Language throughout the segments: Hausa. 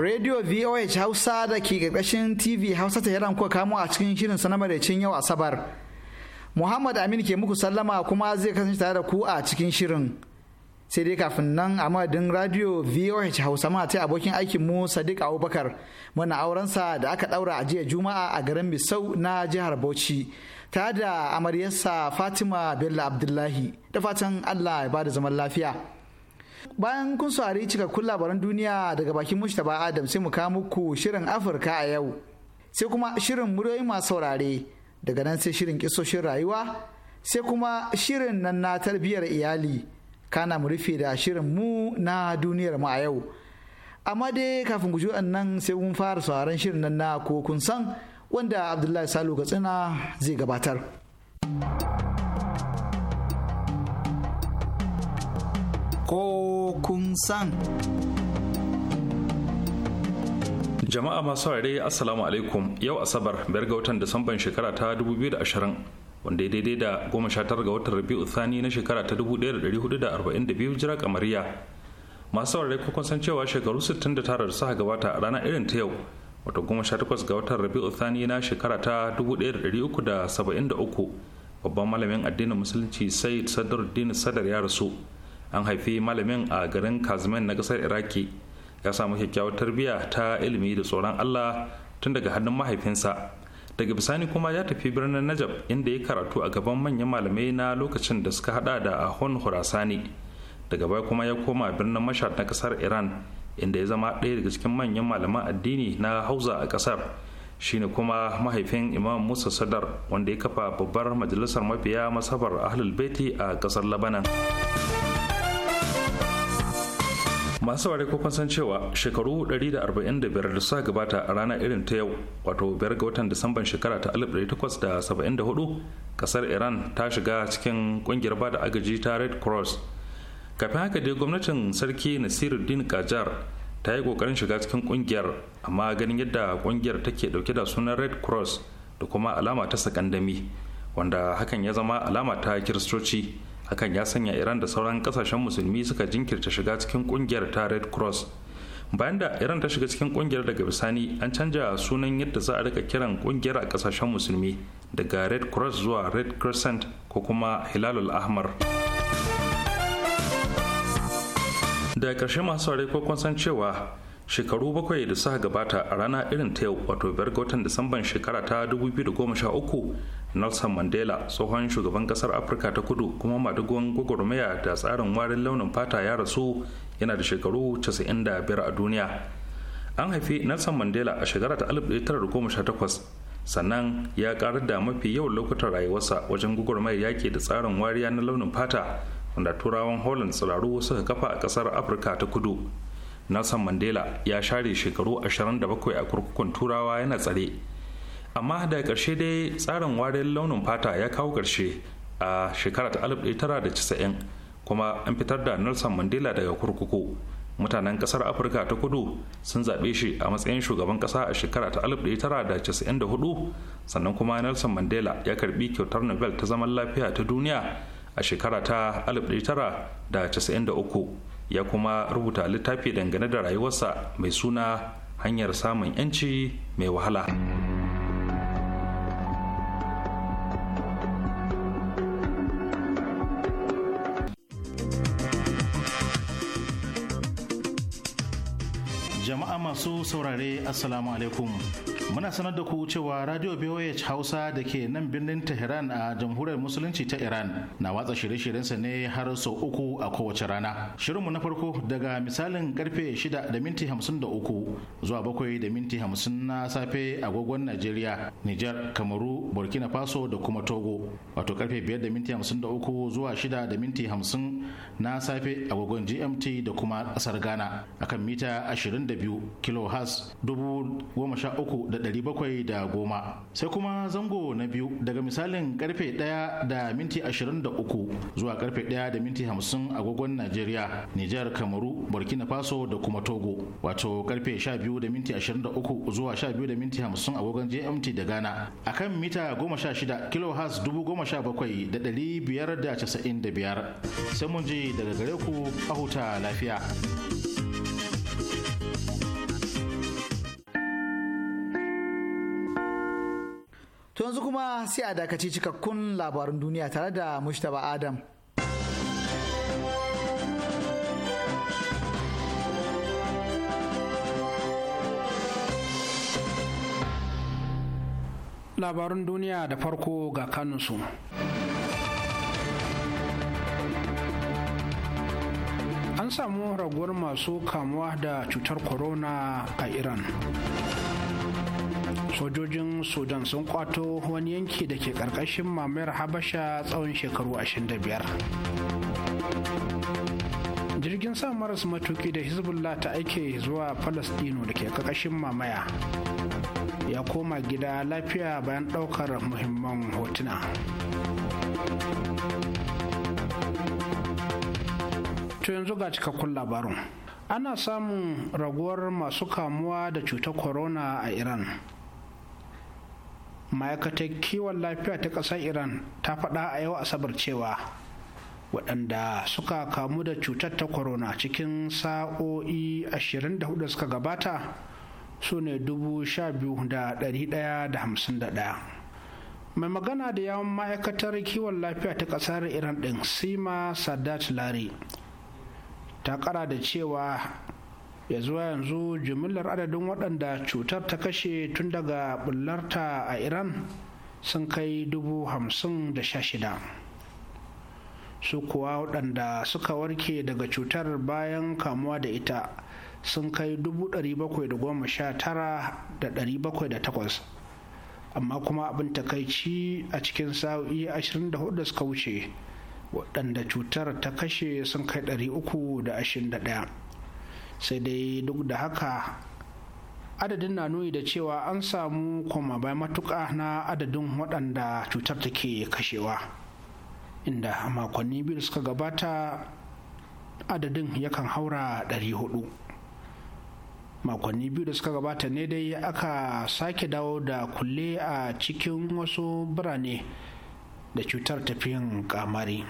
Radio VOH Hausa da ke ƙarƙashin TV Hausa ta yaran kuka kamo a cikin shirin sana maraicin yau Asabar. Muhammad Aminu ke muku sallama kuma zai kasance tare da ku a cikin shirin. sai dai kafin nan a madadin radio voh hausa ma ta abokin aikin mu sadiq abubakar muna aurensa da aka daura a jiya juma'a a garin bisau na jihar bauchi ta da amaryarsa fatima bello abdullahi da fatan allah ya bada zaman lafiya bayan kun saurari cikakkun labaran duniya daga bakin mushtaba adam sai mu kawo muku shirin afirka a yau sai kuma shirin muryoyi masu saurare daga nan sai shirin kisoshin rayuwa sai kuma shirin nan na tarbiyyar iyali kana mu rufe da shirin mu na duniyar mu a yau amma dai kafin ku nan sai mun fara sauraron shirin nan na ko kun san wanda abdullahi salu katsina zai gabatar ko kun san jama'a masu haure assalamu alaikum yau asabar biyar ga watan disamban shekara ta biyu da 2020 wanda ya daidai da goma sha tara ga watan rabi'u thani na shekara ta 1442 jira kamariya masu saurari ko kun san cewa shekaru 69 da suka gabata a ranar irin ta yau wato goma sha takwas ga watan rabi'u thani na shekara ta 1373 babban malamin addinin musulunci sai sadaruddin sadar ya rasu an haifi malamin a garin kazmen na kasar iraki ya samu kyakkyawar tarbiyya ta ilimi da tsoron allah tun daga hannun mahaifinsa daga bisani kuma ya tafi birnin najab inda ya karatu a gaban manyan malamai na lokacin da suka hada da ahon hurasani daga baya kuma ya koma birnin mashad na kasar iran inda ya zama ɗaya daga cikin manyan malaman addini na hausa a kasar shine kuma mahaifin imam musa sadar wanda ya kafa babbar majalisar mafiya masabar ahlul baiti a kasar labanan masu ware ko kun san cewa shekaru 145 da suka gabata a rana irin ta yau wato biyar ga watan disamban shekara ta 1874 kasar iran ta shiga cikin kungiyar bada agaji ta red cross kafin haka dai gwamnatin sarki nasiruddin kajar ta yi kokarin shiga cikin kungiyar amma ganin yadda kungiyar take dauke da sunan red cross da kuma alama ta sakandami wanda hakan ya zama alama ta kiristoci hakan ya sanya iran da sauran kasashen musulmi suka jinkirta shiga cikin kungiyar ta red cross bayan da iran ta shiga cikin kungiyar daga bisani an canja sunan yadda za a rika kiran kungiyar a kasashen musulmi daga red cross zuwa red crescent ko kuma hilalul ahmar da karshe masu saurari ko kun san cewa shekaru bakwai da suka gabata a rana irin ta yau wato biyar ga watan disamban shekara ta 2013 nelson mandela tsohon shugaban kasar afirka ta kudu kuma madugon gwagwarmaya da tsarin warin launin fata ya rasu yana da shekaru 95 a duniya an haifi nelson mandela a shekara ta 1918 sannan ya karar da mafi yawan lokutan rayuwarsa wajen gwagwarmayar yaki da tsarin wariya na launin fata wanda turawan holland tsiraru suka kafa a kasar afirka ta kudu nelson mandela ya share shekaru 27 a kurkukun turawa yana tsare amma daga ƙarshe dai tsarin warin launin fata ya kawo ƙarshe a shekarar 1990 kuma an fitar da nelson mandela daga kurkuku mutanen ƙasar afirka ta kudu sun zaɓe shi a matsayin shugaban ƙasa a shekara ta 1994 sannan kuma nelson mandela ya karbi kyautar nobel ta zaman lafiya ta duniya a shekara ta 1993 ya kuma rubuta littafi dangane da rayuwarsa mai suna hanyar samun 'yanci mai wahala. masu saurare assalamu alaikum muna sanar da ku cewa radio voh hausa da ke nan birnin tehran a jamhuriyar musulunci ta iran na watsa shirye-shiryensa ne har sau uku a kowace rana shirinmu na farko daga misalin karfe 6 da minti 53 zuwa 7 da minti 50 na safe agogon najeriya Niger, kamaru burkina faso da kuma togo wato karfe 5 da minti 53 zuwa 6 da minti 50 na safe agogon gmt da kuma kasar ghana akan mita 22 kilohertz dubu goma sha uku da dari bakwai da goma sai kuma zango na biyu daga misalin karfe daya da minti ashirin da uku zuwa karfe daya da minti hamsin agogon nigeria nijar kamaru burkina faso da kuma togo wato karfe sha biyu da minti ashirin da uku zuwa sha biyu da minti hamsin agogon gmt da ghana a kan mita goma sha shida kilohertz dubu goma sha bakwai da dari biyar da casa'in da biyar sai mun je daga gare ku a huta lafiya. To yanzu kuma sai a dakaci cikakkun labarin duniya tare da Mustapha Adam. Labarin duniya da farko ga kanunsu. An samu raguwar masu kamuwa da cutar corona a Iran. sojojin sudan sun kwato wani yanki da ke karkashin mamayar habasha tsawon shekaru 25 jirgin sa maras matuki da hezbollah ta aike zuwa palestino da ke kakashin mamaya ya koma gida lafiya bayan daukar muhimman hotuna to yanzu ga cikakkun labarun. ana samun raguwar masu kamuwa da cutar corona a iran ma'aikatar kiwon lafiya ta ƙasar iran ta faɗa a yau asabar cewa waɗanda suka kamu da cutar ta corona cikin sa'o'i 24 da suka gabata su ne 12,151 mai magana da yawon ma'aikatar kiwon lafiya ta ƙasar iran ɗin sima sadat lari ta ƙara da cewa ya zuwa yanzu jimillar adadin waɗanda cutar ta kashe tun daga bullarta a iran sun kai dubu hamsin da sha shida su kuwa waɗanda suka warke daga cutar bayan kamuwa da ita sun kai dubu ɗari bakwai da goma sha tara da ɗari bakwai da takwas amma kuma abin takaici a cikin sa'o'i ashirin da hudu suka wuce waɗanda cutar ta kashe sun kai ɗari uku da ashirin da ɗaya sai dai duk da haka adadin na nuni da cewa an samu koma bai matuƙa na adadin waɗanda cutar take kashewa inda makonni biyu suka gabata adadin yakan haura 400 makonni biyu da suka gabata ne dai aka sake dawo da kulle a cikin wasu birane da cutar tafiyan kamari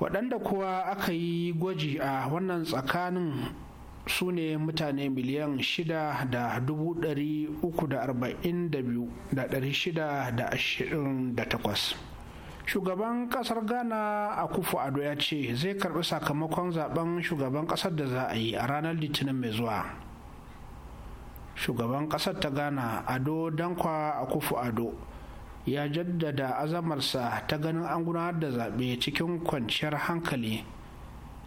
waɗanda kuwa aka yi gwaji a wannan tsakanin su ne mutane miliyan 6,342,628 shugaban kasar ghana a kufu ado ya ce zai karbi sakamakon zaben shugaban kasar da za a yi a ranar litinin mai zuwa shugaban kasar ta ghana ado dankwa a kufu ado ya jaddada azamarsa ta ganin an gudanar da zaɓe cikin kwanciyar hankali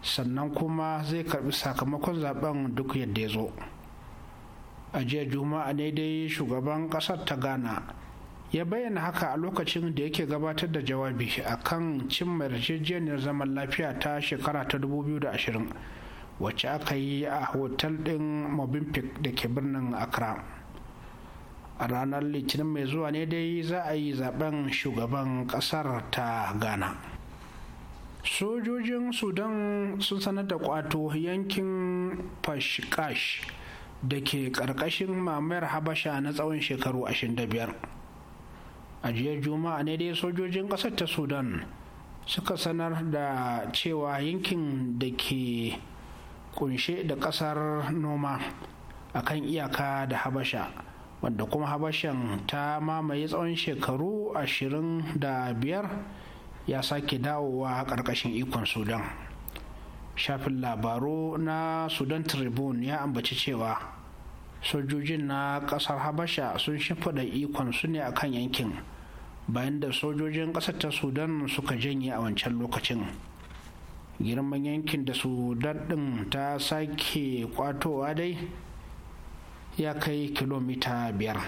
sannan kuma zai karbi sakamakon zaben duk yadda ya zo a jiya juma'a ne dai shugaban kasar ta ghana ya bayyana haka a lokacin da yake gabatar da jawabi a kan cimma yarjejeniyar zaman lafiya ta shekara ta 2020 wacce aka yi a hotel ɗin mobimpic da ke birnin accra a ranar litinin mai zuwa ne dai za a yi zaben shugaban ƙasar ta ghana sojojin sudan sun sanar da kwato yankin fashkash da ke ƙarƙashin mamayar habasha na tsawon shekaru 25 a jiya juma'a ne dai sojojin ƙasar ta sudan suka sanar da cewa yankin da ke kunshe da ƙasar noma a kan iyaka da habasha wanda kuma habashan ta mamaye tsawon shekaru 25 ya sake dawowa ƙarƙashin ikon sudan shafin labaru na sudan tribune ya ambaci cewa sojojin na ƙasar habasha sun shimfiɗa ikon su ne akan yankin bayan da sojojin ƙasar ta sudan suka janye a wancan lokacin girman yankin da sudan ɗin ta sake kwatowa dai ya kai kilomita biyar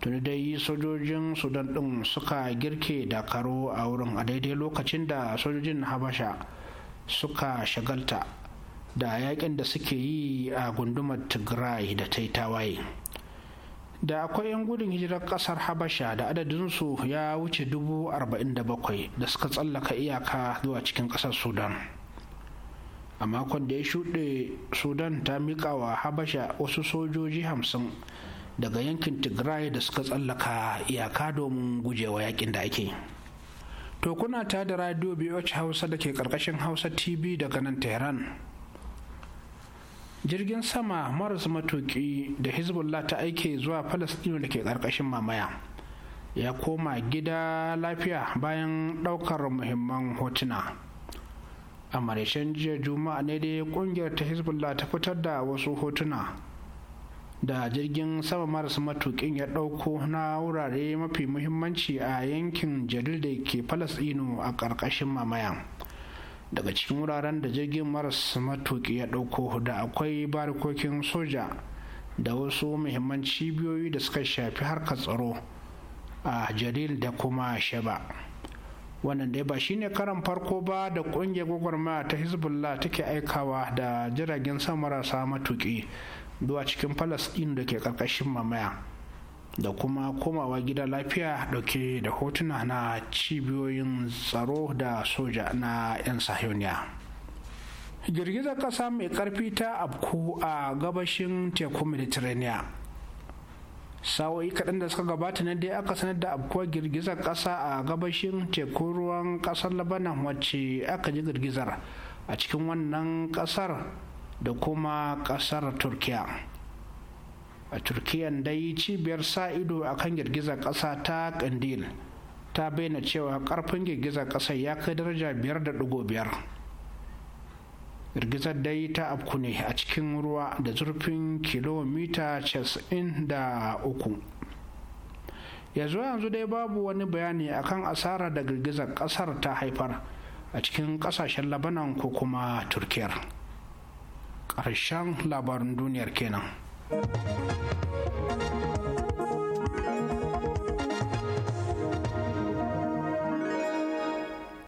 tuni dai sojojin sudan ɗin suka girke da karo a wurin a daidai lokacin da sojojin habasha suka shagalta da yakin da suke yi a gundumar tigray da ta tawaye da akwai 'yan gudun hijirar kasar habasha da adadinsu ya wuce dubu arba'in da bakwai da suka tsallaka iyaka zuwa cikin kasar sudan a makon da ya shuɗe sudan ta miƙa wa habasha wasu sojoji hamsin daga yankin tigray da suka tsallaka iyaka domin gujewa yakin da ake to kuna ta da radio boh hausa da ke karkashin hausa tv daga nan tehran jirgin sama maras matuki da hezbollah ta aike zuwa Falastinu da ke karkashin mamaya ya koma gida lafiya bayan daukar muhimman hotuna a marishin jiya juma'a ne dai kungiyar ta hezbollah ta fitar da wasu hotuna da jirgin sama maras matukin ya ɗauko na wurare mafi muhimmanci a yankin jadil da ke falasɗinu a ƙarƙashin mamaya daga cikin wuraren da jirgin maras matuki ya ɗauko da akwai barikokin soja da wasu muhimman cibiyoyi da suka shafi harkar tsaro a jadil da kuma Sheba, wannan dai ba shine karan farko ba da ƙungiyar gwagwarmaya ta hezbollah take aikawa da jiragen samarasa matuki matuƙi zuwa cikin palestine da ke ƙarƙashin mamaya da kuma komawa gida lafiya dauke da hotuna na cibiyoyin tsaro da soja na 'yan sahiyoniya girgizar kasa mai karfi ta abku a gabashin teku mediterranean Sawoyi kaɗan da suka gabata na dai aka sanar da abkuwar girgizar ƙasa a gabashin teku ruwan ƙasar labanan wacce aka ji girgizar a cikin wannan ƙasar da kuma ƙasar turkiya a turkiyan dai cibiyar sa ido a kan girgizar ƙasa ta kandil ta bayyana cewa ƙarfin girgizar ƙasa ya kai daraja biyar da dugo biyar girgizar dai ta afku ne a cikin ruwa da zurfin kilomita da uku. yanzu yanzu dai babu wani bayani akan asara da girgizar ƙasar ta haifar a cikin ƙasashen labanan ko kuma turkiyar. ƙarshen labarin duniyar kenan.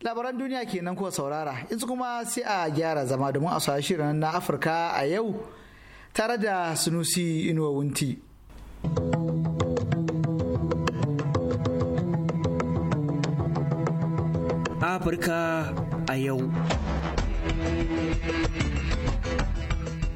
labaran duniya kenan ko saurara yanzu kuma sai a gyara zama domin a shirin na afirka a yau tare da sunusi inuwa wunti afirka a yau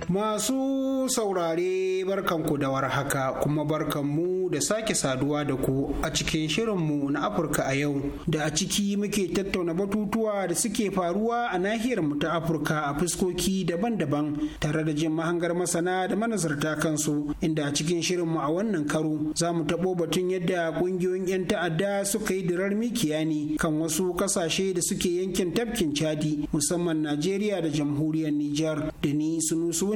Masu saurare barkanku da warhaka kuma barkanmu da sake saduwa da ku a cikin shirinmu na Afirka a yau da a ciki muke tattauna batutuwa da suke faruwa a nahiyar mu ta Afirka a fuskoki daban-daban tare da jin mahangar masana da manazarta kansu inda a cikin shirinmu a wannan karo za mu taɓo batun yadda ƙungiyoyin 'yan ta'adda suka yi durar mikiya ne kan wasu ƙasashe da suke yankin tafkin Chadi musamman Najeriya da jamhuriyar Nijar da ni sunusu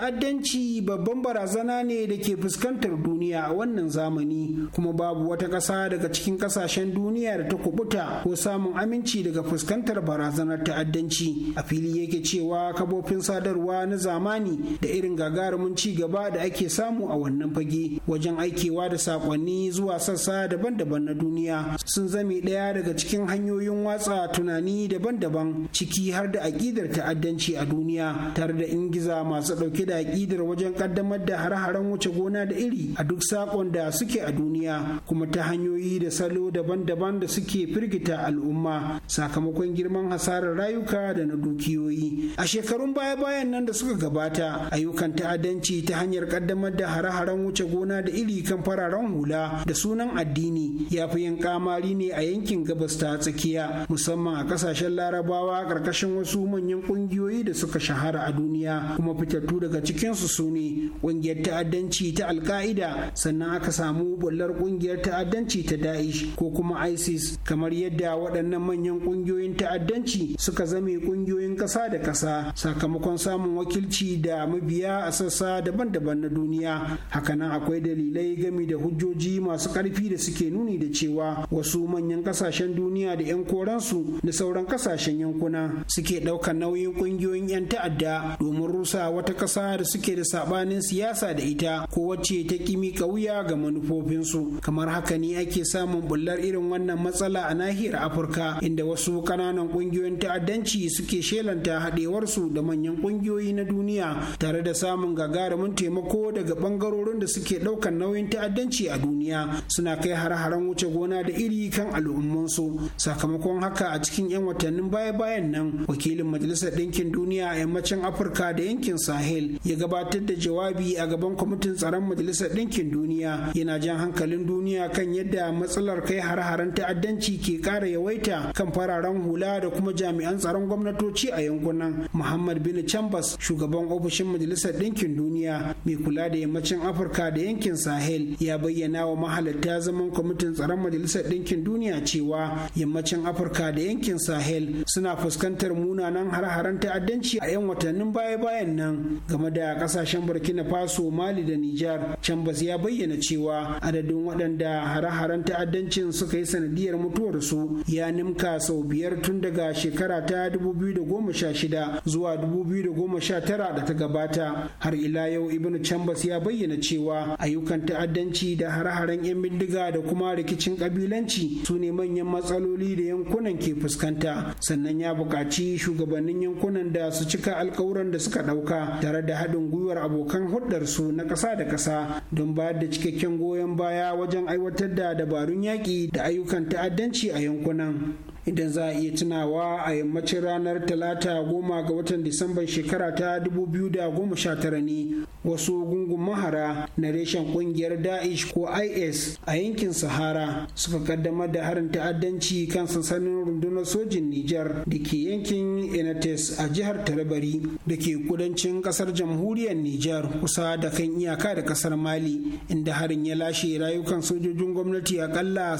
ta'addanci babban barazana ne da ke fuskantar duniya a wannan zamani kuma babu wata ƙasa daga cikin ƙasashen duniya da ta kubuta ko samun aminci daga fuskantar barazanar ta'addanci a fili yake cewa kafofin sadarwa na zamani da irin gagarumin ci gaba da ake samu a wannan fage wajen aikewa da saƙonni zuwa sassa daban-daban na duniya sun zame ɗaya daga cikin hanyoyin watsa tunani daban-daban ciki har da aƙidar ta'addanci a duniya tare da ingiza masu ɗauke da aƙidar wajen ƙaddamar da har-haren wuce gona da iri a duk sakon da suke a duniya kuma ta hanyoyi da salo daban-daban da suke firgita al'umma sakamakon girman hasarar rayuka da na dukiyoyi. A shekarun baya-bayan nan da suka gabata ayyukan ta'addanci ta hanyar ƙaddamar da har-haren wuce gona da iri kan fararen hula da sunan addini ya fi yin kamari ne a yankin gabas ta tsakiya musamman a ƙasashen larabawa ƙarƙashin wasu manyan ƙungiyoyi da suka shahara a duniya kuma fitattu daga daga cikinsu su ne ƙungiyar ta'addanci ta alka'ida sannan aka samu bullar ƙungiyar ta'addanci ta da'ish ko kuma isis kamar yadda waɗannan manyan ƙungiyoyin ta'addanci suka zame ƙungiyoyin ƙasa da ƙasa sakamakon samun wakilci da mabiya a sassa daban-daban na duniya hakanan akwai dalilai game da hujjoji masu ƙarfi da suke nuni da cewa wasu manyan ƙasashen duniya da 'yan koransu da sauran ƙasashen yankuna suke ɗaukar nauyin ƙungiyoyin 'yan ta'adda domin rusa wata ƙasa jama'a da suke da sabanin siyasa da ita ko wacce ta kimi kauya ga manufofinsu kamar haka ne ake samun bullar irin wannan matsala a nahiyar afirka inda wasu kananan kungiyoyin ta'addanci suke shelanta haɗewarsu da manyan kungiyoyi na duniya tare da samun gagarumin taimako daga bangarorin da suke ɗaukar nauyin ta'addanci a duniya suna kai har haren wuce gona da iri kan al'ummansu sakamakon haka a cikin 'yan watannin baya-bayan nan wakilin majalisar ɗinkin duniya a yammacin afirka da yankin sahel ya gabatar da jawabi a gaban kwamitin tsaron majalisar ɗinkin duniya yana jan hankalin duniya kan yadda matsalar kai har-haren ta'addanci ke ƙara yawaita kan fararen hula da kuma jami'an tsaron gwamnatoci a yankunan muhammad bin chambers shugaban ofishin majalisar ɗinkin duniya mai kula da yammacin afirka da yankin sahel ya bayyana wa mahalarta zaman kwamitin tsaron majalisar ɗinkin duniya cewa yammacin afirka da yankin sahel suna fuskantar munanan har-haren ta'addanci a 'yan watannin baya-bayan nan game game da kasashen burkina faso mali da nijar chambers ya bayyana cewa adadin waɗanda hare-haren ta'addancin suka yi sanadiyar mutuwar su ya nimka sau biyar tun daga shekara ta 2016 zuwa 2019 da ta gabata har ila yau ibn chambers ya bayyana cewa ayyukan ta'addanci da hare-haren 'yan bindiga da kuma rikicin kabilanci su ne manyan matsaloli da yankunan ke fuskanta sannan ya buƙaci shugabannin yankunan da su cika alkawuran da suka ɗauka tare da haɗin gwiwar abokan hulɗarsu na ƙasa da ƙasa don bayar da cikakken goyon baya wajen aiwatar da dabarun yaƙi da ayyukan ta'addanci a yankunan idan za a iya tunawa a yammacin ranar talata goma ga watan disamban shekara ta dubu biyu da goma sha tara ne wasu gungun mahara na reshen kungiyar daesh ko is a yankin sahara suka kaddamar da harin ta'addanci kan sansanin rundunar sojin nijar da ke yankin enates a jihar Tarabari da ke kudancin kasar jamhuriyar nijar kusa da kan iyaka da kasar mali inda harin ya lashe rayukan sojojin gwamnati akalla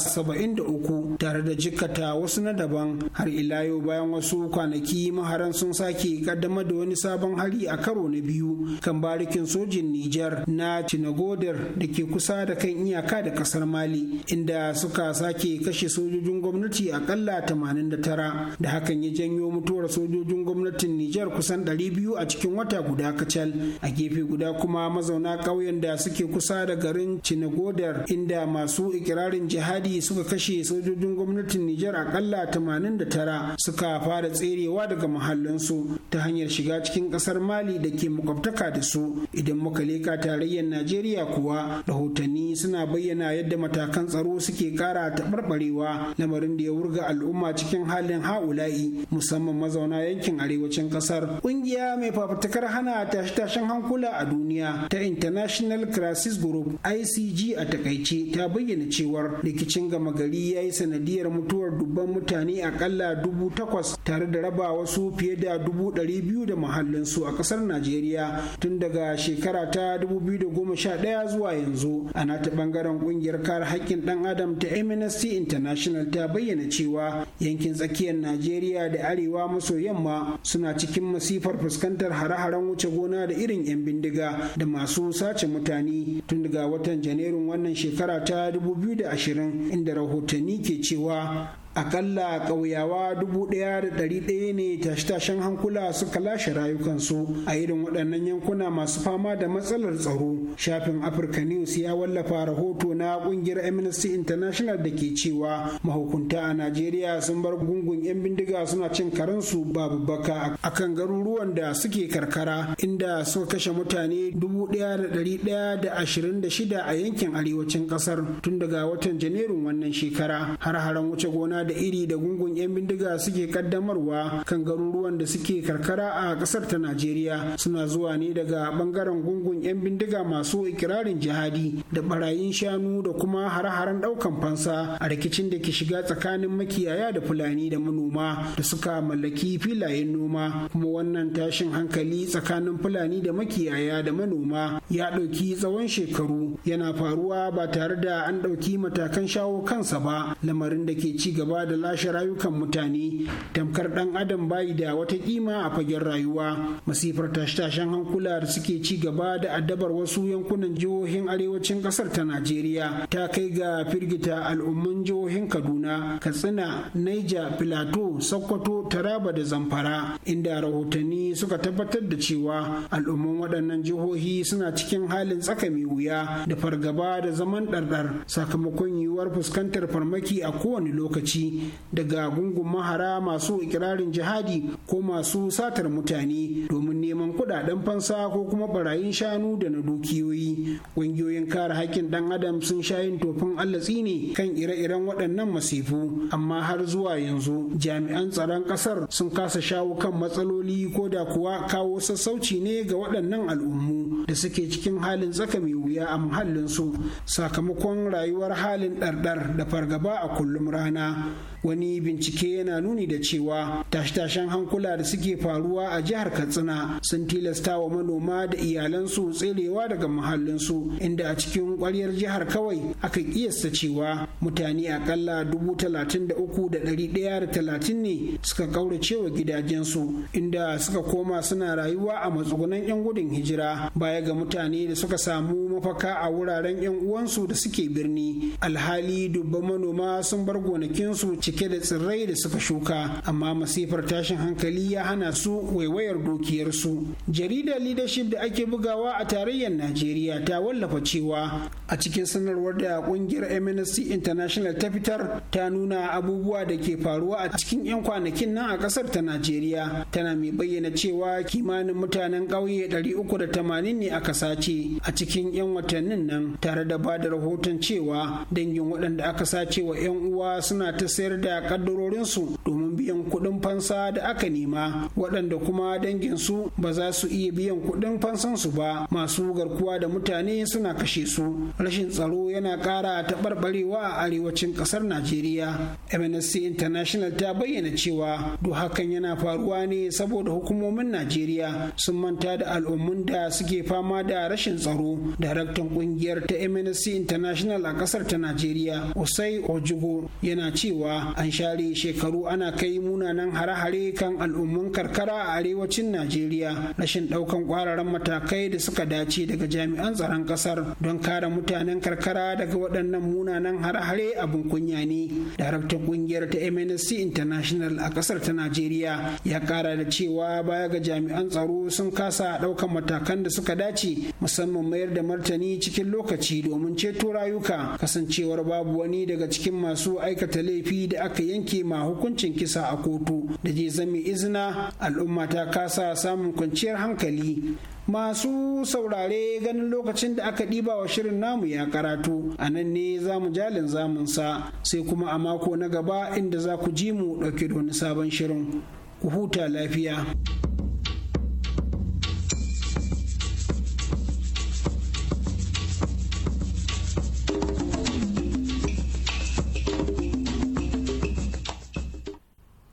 uku, tare da jikkata wasu na daban har ila yau bayan wasu kwanaki maharan sun sake kaddamar da wani sabon hari a karo na biyu kan barikin sojin Nijar na Tinagoder da ke kusa da kan iyaka da kasar Mali inda suka sake kashe sojojin gwamnati akalla 89 da hakan ya janyo mutuwar sojojin gwamnatin Nijar kusan 200 a cikin wata guda kacal a gefe guda kuma mazauna ƙauyen da suke kusa da garin Tinagoder inda masu ikirarin jihadi suka kashe sojojin gwamnatin Nijar akalla tara suka fara tserewa daga mahallinsu ta hanyar shiga cikin kasar mali da ke makwabtaka da su idan muka leka tarayyar najeriya kuwa rahotanni suna bayyana yadda matakan tsaro suke kara taɓarɓarewa lamarin da ya wurga al'umma cikin halin ha'ula'i musamman mazauna yankin arewacin kasar ƙungiya mai fafatakar hana tashe-tashen hankula a duniya ta international crisis group icg a takaice ta bayyana cewar rikicin gama gari ya yi sanadiyar mutuwar dubban mutane mutane akalla dubu takwas tare da raba wasu fiye da dubu ɗari biyu da muhallinsu a ƙasar najeriya tun daga shekara ta dubu biyu da goma sha ɗaya zuwa yanzu a nata ɓangaren ƙungiyar kare haƙƙin ɗan adam ta amnesty international ta bayyana cewa yankin tsakiyar najeriya da arewa maso yamma suna cikin masifar fuskantar hare-haren wuce gona da irin 'yan bindiga da masu sace mutane tun daga watan janairun wannan shekara ta dubu biyu da ashirin, inda rahotanni ke cewa akalla ƙauyawa dubu ɗaya da ɗari ɗaya ne tashe-tashen hankula suka lashe rayukansu a irin waɗannan yankuna masu fama da matsalar tsaro shafin afirka news ya wallafa rahoto na ƙungiyar amnesty international da ke cewa mahukunta a najeriya sun bar gungun 'yan bindiga suna cin karansu babu baka a kan garuruwan da suke karkara inda suka kashe mutane dubu ɗaya da ɗari ɗaya da ashirin da shida a yankin arewacin ƙasar tun daga watan janairun wannan shekara har-haren wuce gona da iri da gungun 'yan bindiga suke kaddamarwa kan garuruwan da suke karkara a kasar ta Najeriya suna zuwa ne daga bangaren gungun 'yan bindiga masu ikirarin jihadi da barayin shanu da kuma hare-haren daukan fansa a rikicin da ke shiga tsakanin makiyaya da fulani da manoma da suka mallaki filayen noma kuma wannan tashin hankali tsakanin fulani da makiyaya da manoma ya ɗauki tsawon shekaru yana faruwa ba tare da an ɗauki matakan shawo kansa ba lamarin da ke ci gaba Ba da lashe rayukan mutane tamkar dan adam bayi da wata kima a fagen rayuwa masifar tashe hankula da suke ci gaba da addabar wasu yankunan jihohin arewacin kasar ta najeriya ta kai ga firgita al'umman jihohin kaduna katsina naija filato sokoto taraba da zamfara inda rahotanni suka tabbatar da cewa al'umman waɗannan jihohi suna cikin halin tsaka mai wuya da fargaba da zaman ɗarɗar sakamakon yiwuwar fuskantar farmaki a kowane lokaci ci daga gungun mahara masu ikirarin jihadi ko masu satar mutane domin neman kudaden fansa ko kuma barayin shanu da na dukiyoyi ƙungiyoyin kare haƙƙin ɗan adam sun sha yin tofin allatsi ne kan ire-iren waɗannan masifu amma har zuwa yanzu jami'an tsaron ƙasar sun kasa shawo kan matsaloli ko da kuwa kawo sassauci ne ga waɗannan al'ummu da suke cikin halin tsaka mai wuya a muhallinsu sakamakon rayuwar halin ɗarɗar da fargaba a kullum rana wani bincike yana nuni da cewa tashe-tashen hankula da suke faruwa a jihar katsina sun tilasta wa manoma da iyalansu tserewa daga muhallinsu inda a cikin kwaryar jihar kawai aka kiyasta cewa mutane akalla dubu talatin da uku da ɗari ɗaya da talatin ne suka kaurace wa gidajensu inda suka koma suna rayuwa a matsugunan yan gudun hijira baya ga mutane da suka samu mafaka a wuraren yan uwansu da suke birni alhali dubban manoma sun bar gonakinsu su cike da tsirrai da suka shuka amma masifar tashin hankali ya hana su waiwayar su jaridar leadership da ake bugawa a tarayyar najeriya ta wallafa cewa a cikin sanarwar da kungiyar mnc international ta fitar ta nuna abubuwa da ke faruwa a cikin 'yan kwanakin nan a kasar ta najeriya tana mai bayyana cewa kimanin mutanen ƙauye 380 ne aka sace a cikin 'yan watannin nan tare da ba da rahoton cewa dangin waɗanda aka sace wa 'yan uwa suna ta sayar da kaddarorinsu domin biyan kuɗin fansa da aka nema waɗanda kuma danginsu ba za su iya biyan kuɗin fansansu ba masu garkuwa da mutane suna kashe su rashin tsaro yana ƙara taɓarɓarewa a arewacin ƙasar najeriya MNC international ta bayyana cewa duk hakan yana faruwa ne saboda hukumomin najeriya sun manta da al'ummun da suke fama da rashin tsaro daraktan ƙungiyar ta MNC international a ƙasar ta najeriya usai ojugo yana cewa cewa an share shekaru ana kai munanan hare-hare kan al'umman karkara a arewacin najeriya rashin daukan kwararan matakai da suka dace daga jami'an tsaron kasar. don kare mutanen karkara daga waɗannan munanan hare-hare abin kunya ne daraktan ƙungiyar ta mnsc international a kasar ta najeriya ya kara da cewa baya ga jami'an tsaro sun kasa ɗaukan matakan da suka dace musamman mayar da martani cikin lokaci domin ceto rayuka kasancewar babu wani daga cikin masu aikata laifi laifi da aka yanke ma hukuncin kisa a kotu da je zame izina al'umma ta kasa samun kwanciyar hankali masu saurare ganin lokacin da aka ɗiba wa shirin namu ya karatu a nan ne za mu jalin zamunsa sai kuma a mako na gaba inda za ku ji mu ɗauke da wani sabon shirin ku huta lafiya.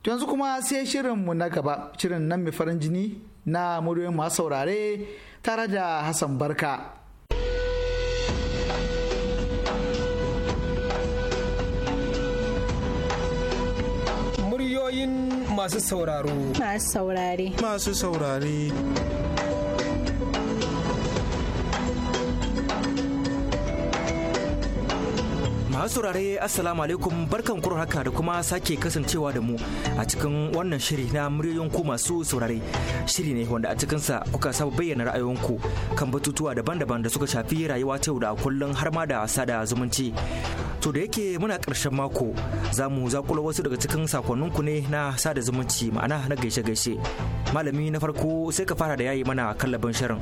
To yanzu kuma sai shirinmu na gaba shirin nan mai farin jini na muryoyin masu saurare tare da Hassan Barka. Muryoyin masu sauraro. Masu saurare. Masu saurare. Masu saurare Assalamu alaikum barkan kuro haka da kuma sake kasancewa da mu a cikin wannan shiri na muryoyin masu saurare. Shiri ne wanda a cikinsa kuka saba bayyana ra'ayoyinku kan batutuwa daban-daban da suka shafi rayuwa ta yau da kullum har ma da sada zumunci. To da yake muna ƙarshen mako za mu zakula wasu daga cikin sakonninku ne na sada zumunci ma'ana na gaishe-gaishe. Malami na farko sai ka fara da yayi mana kallabin shirin.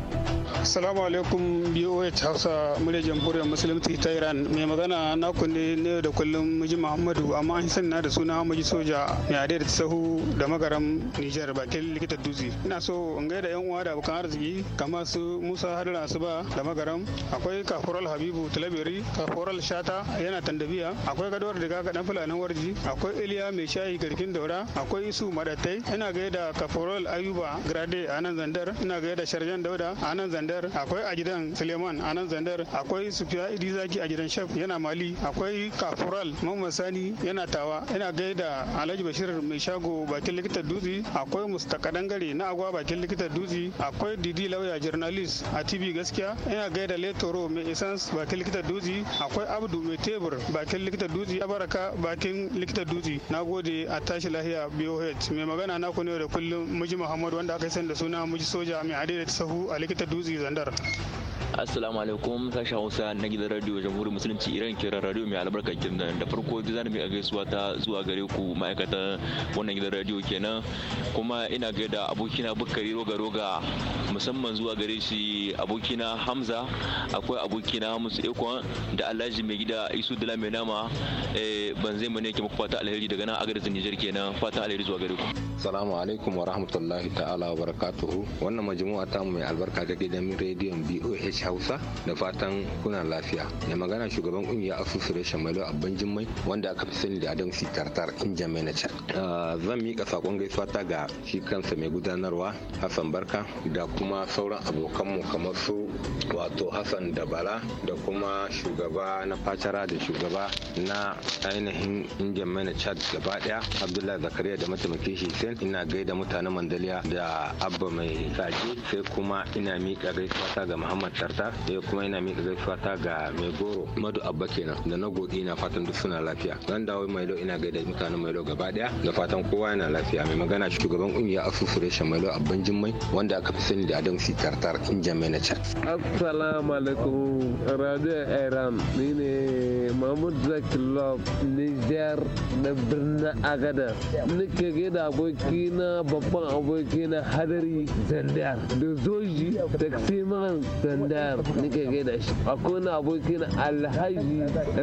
Assalamu alaikum BOH Hausa murya jamhuriyar Musulunci ta Iran mai magana na kunne ne da kullum Miji Muhammadu amma an sanna da suna Miji Soja mai adai da sahu da magaram Nijar bakin likitan Dutse. Ina so in gaida yan uwa da abokan arziki kamar su Musa Haruna Asuba da magaram akwai Kafural Habibu Talabiri Kafural Shata yana ta. dandabiya akwai gadowar da gaga dan fulanin warji akwai iliya mai shayi garkin daura akwai isu madattai ina gaida kaforol ayuba grade a nan zandar ina gaida sharjan dauda a nan zandar akwai ajidan suleiman a nan zandar akwai sufiya idizaki gidan shaf yana mali akwai kaforol mamman sani yana tawa ina gaida alhaji bashir mai shago bakin likitar dutse akwai mustakadan gare na agwa bakin likitar dutse akwai didi lauya journalist a tv gaskiya ina gaida letoro mai essence bakin likitar dutse akwai abdu mai tebur bakin likita dutse ya baraka bakin likita dutse na gode a tashi lahiya BOH mai magana na ne da kullum muji Muhammad wanda aka sani da suna muji soja mai adai da sahu a likita dutse zandar. assalamu alaikum sashen hausa na gidan radio jamhuriyar musulunci iran kiran radio mai albarka kenan da farko zan mai gaisuwa ta zuwa gare ku ma'aikatan wannan gidan radio kenan kuma ina gaida abokina bukari roga roga musamman zuwa gare shi abokina hamza akwai abokina musu ikon da alhaji mai gida isu dala mai nama eh, ban zai mane ke muku fata alheri daga nan agadar Niger kenan fata alheri zuwa gare ku Assalamu alaikum wa rahmatullahi ta'ala wa barakatuhu wannan majmu'a ta mai albarka ga gidan radio boh hausa da fatan kuna lafiya da magana shugaban kungiyar association a abban jimmai wanda aka fi sani da adam si tartar in mai na can ah, zan miƙa saƙon gaisuwa ta ga shi kansa mai gudanarwa hassan barka da kuma sauran abokanmu kamar su wato hassan da bala da kuma shugaba na fatara da shugaba na ainihin injin mai na chad gaba ɗaya abdullahi zakariya da mataimakin shi sen ina gaida mutanen mandaliya da abba mai sake sai kuma ina miƙa gaisuwa ta ga muhammad tartar ma'aikata da eh, kuma ina mika gaisuwa fata ga mai goro madu abba kenan da na godi ina fatan duk suna lafiya zan dawo lo ina gaida mutanen lo gaba daya da fatan kowa yana lafiya mai magana shugaban kungiyar asusu reshen lo abban jimmai wanda aka fi sani da adam sitartar injin mai na can. assalamu alaikum radio iran ni ne mahmud zakilov niger na birnin agada nake gaida abokina babban aboki na hadari zandar da zoji taximan zandar Ibrahim nake gaida shi akwai na abokin Alhaji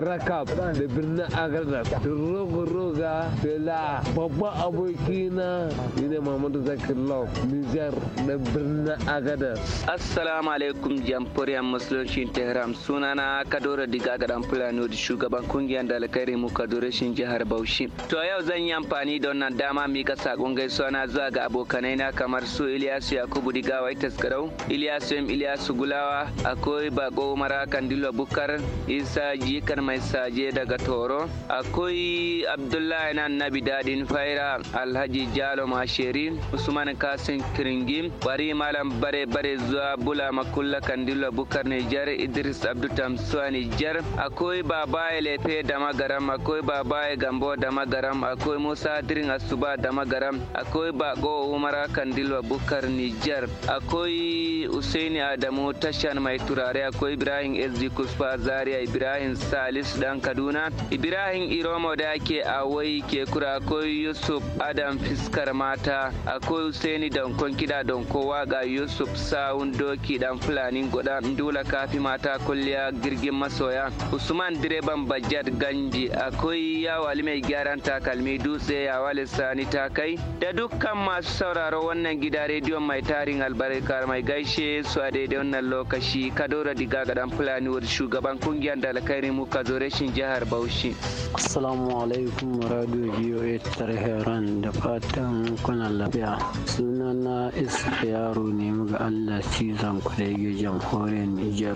Rakab da birnin Agardas rogo roga fela babban abokina ne Muhammadu Zakir Law Niger da birnin Agardas Assalamu alaikum jamhuriyar musulunci Tehran sunana Kadoro Diga Gadan Fulani da shugaban kungiyar dalakari mu Kadoro shin jihar Bauchi to yau zan yi amfani da wannan dama mika sakon gaisuwa na zuwa ga abokanai na kamar su Ilyasu Yakubu Digawa Itas Garau Ilyasu M Ilyasu Gulawa akwai bako mara kandilo bukar isa kan mai saje daga toro akwai abdullahi na annabi dadin faira alhaji jalo masheri usman kasin Kiringi. bari malam bare bare zuwa bula makulla kandilo bukar nijar idris abdu tamsuwa nijar akwai Baba lefe da magaram akwai Baba gambo da magaram akwai musa dirin asuba da magaram akwai bako umara kandilo bukar nijar akwai usaini adamu tashan mai turare akwai ibrahim sg kusfa zaria ibrahim salis dan kaduna ibrahim iromo da ke awai ke kura akwai yusuf adam fiskar mata akwai husaini donkon kida donko ga yusuf sawun doki dan fulani goda dula kafi mata kulliya girgin masoya usman direban bajad ganji akwai yawali mai gyaran takalmi dutse yawali sani kai da dukkan masu sauraro wannan gida rediyon mai tarin albarka mai gaishe su a daidai wannan lokaci Bauchi Kadora Diga Gadan Fulani wani shugaban kungiyar dalakairi muka zo rashin jihar Bauchi. Assalamu alaikum radio VOA Tarheran da fatan kuna lafiya. Sunana Isfiyaru ne muga Allah cizon kudage jamhuriyar Nijar.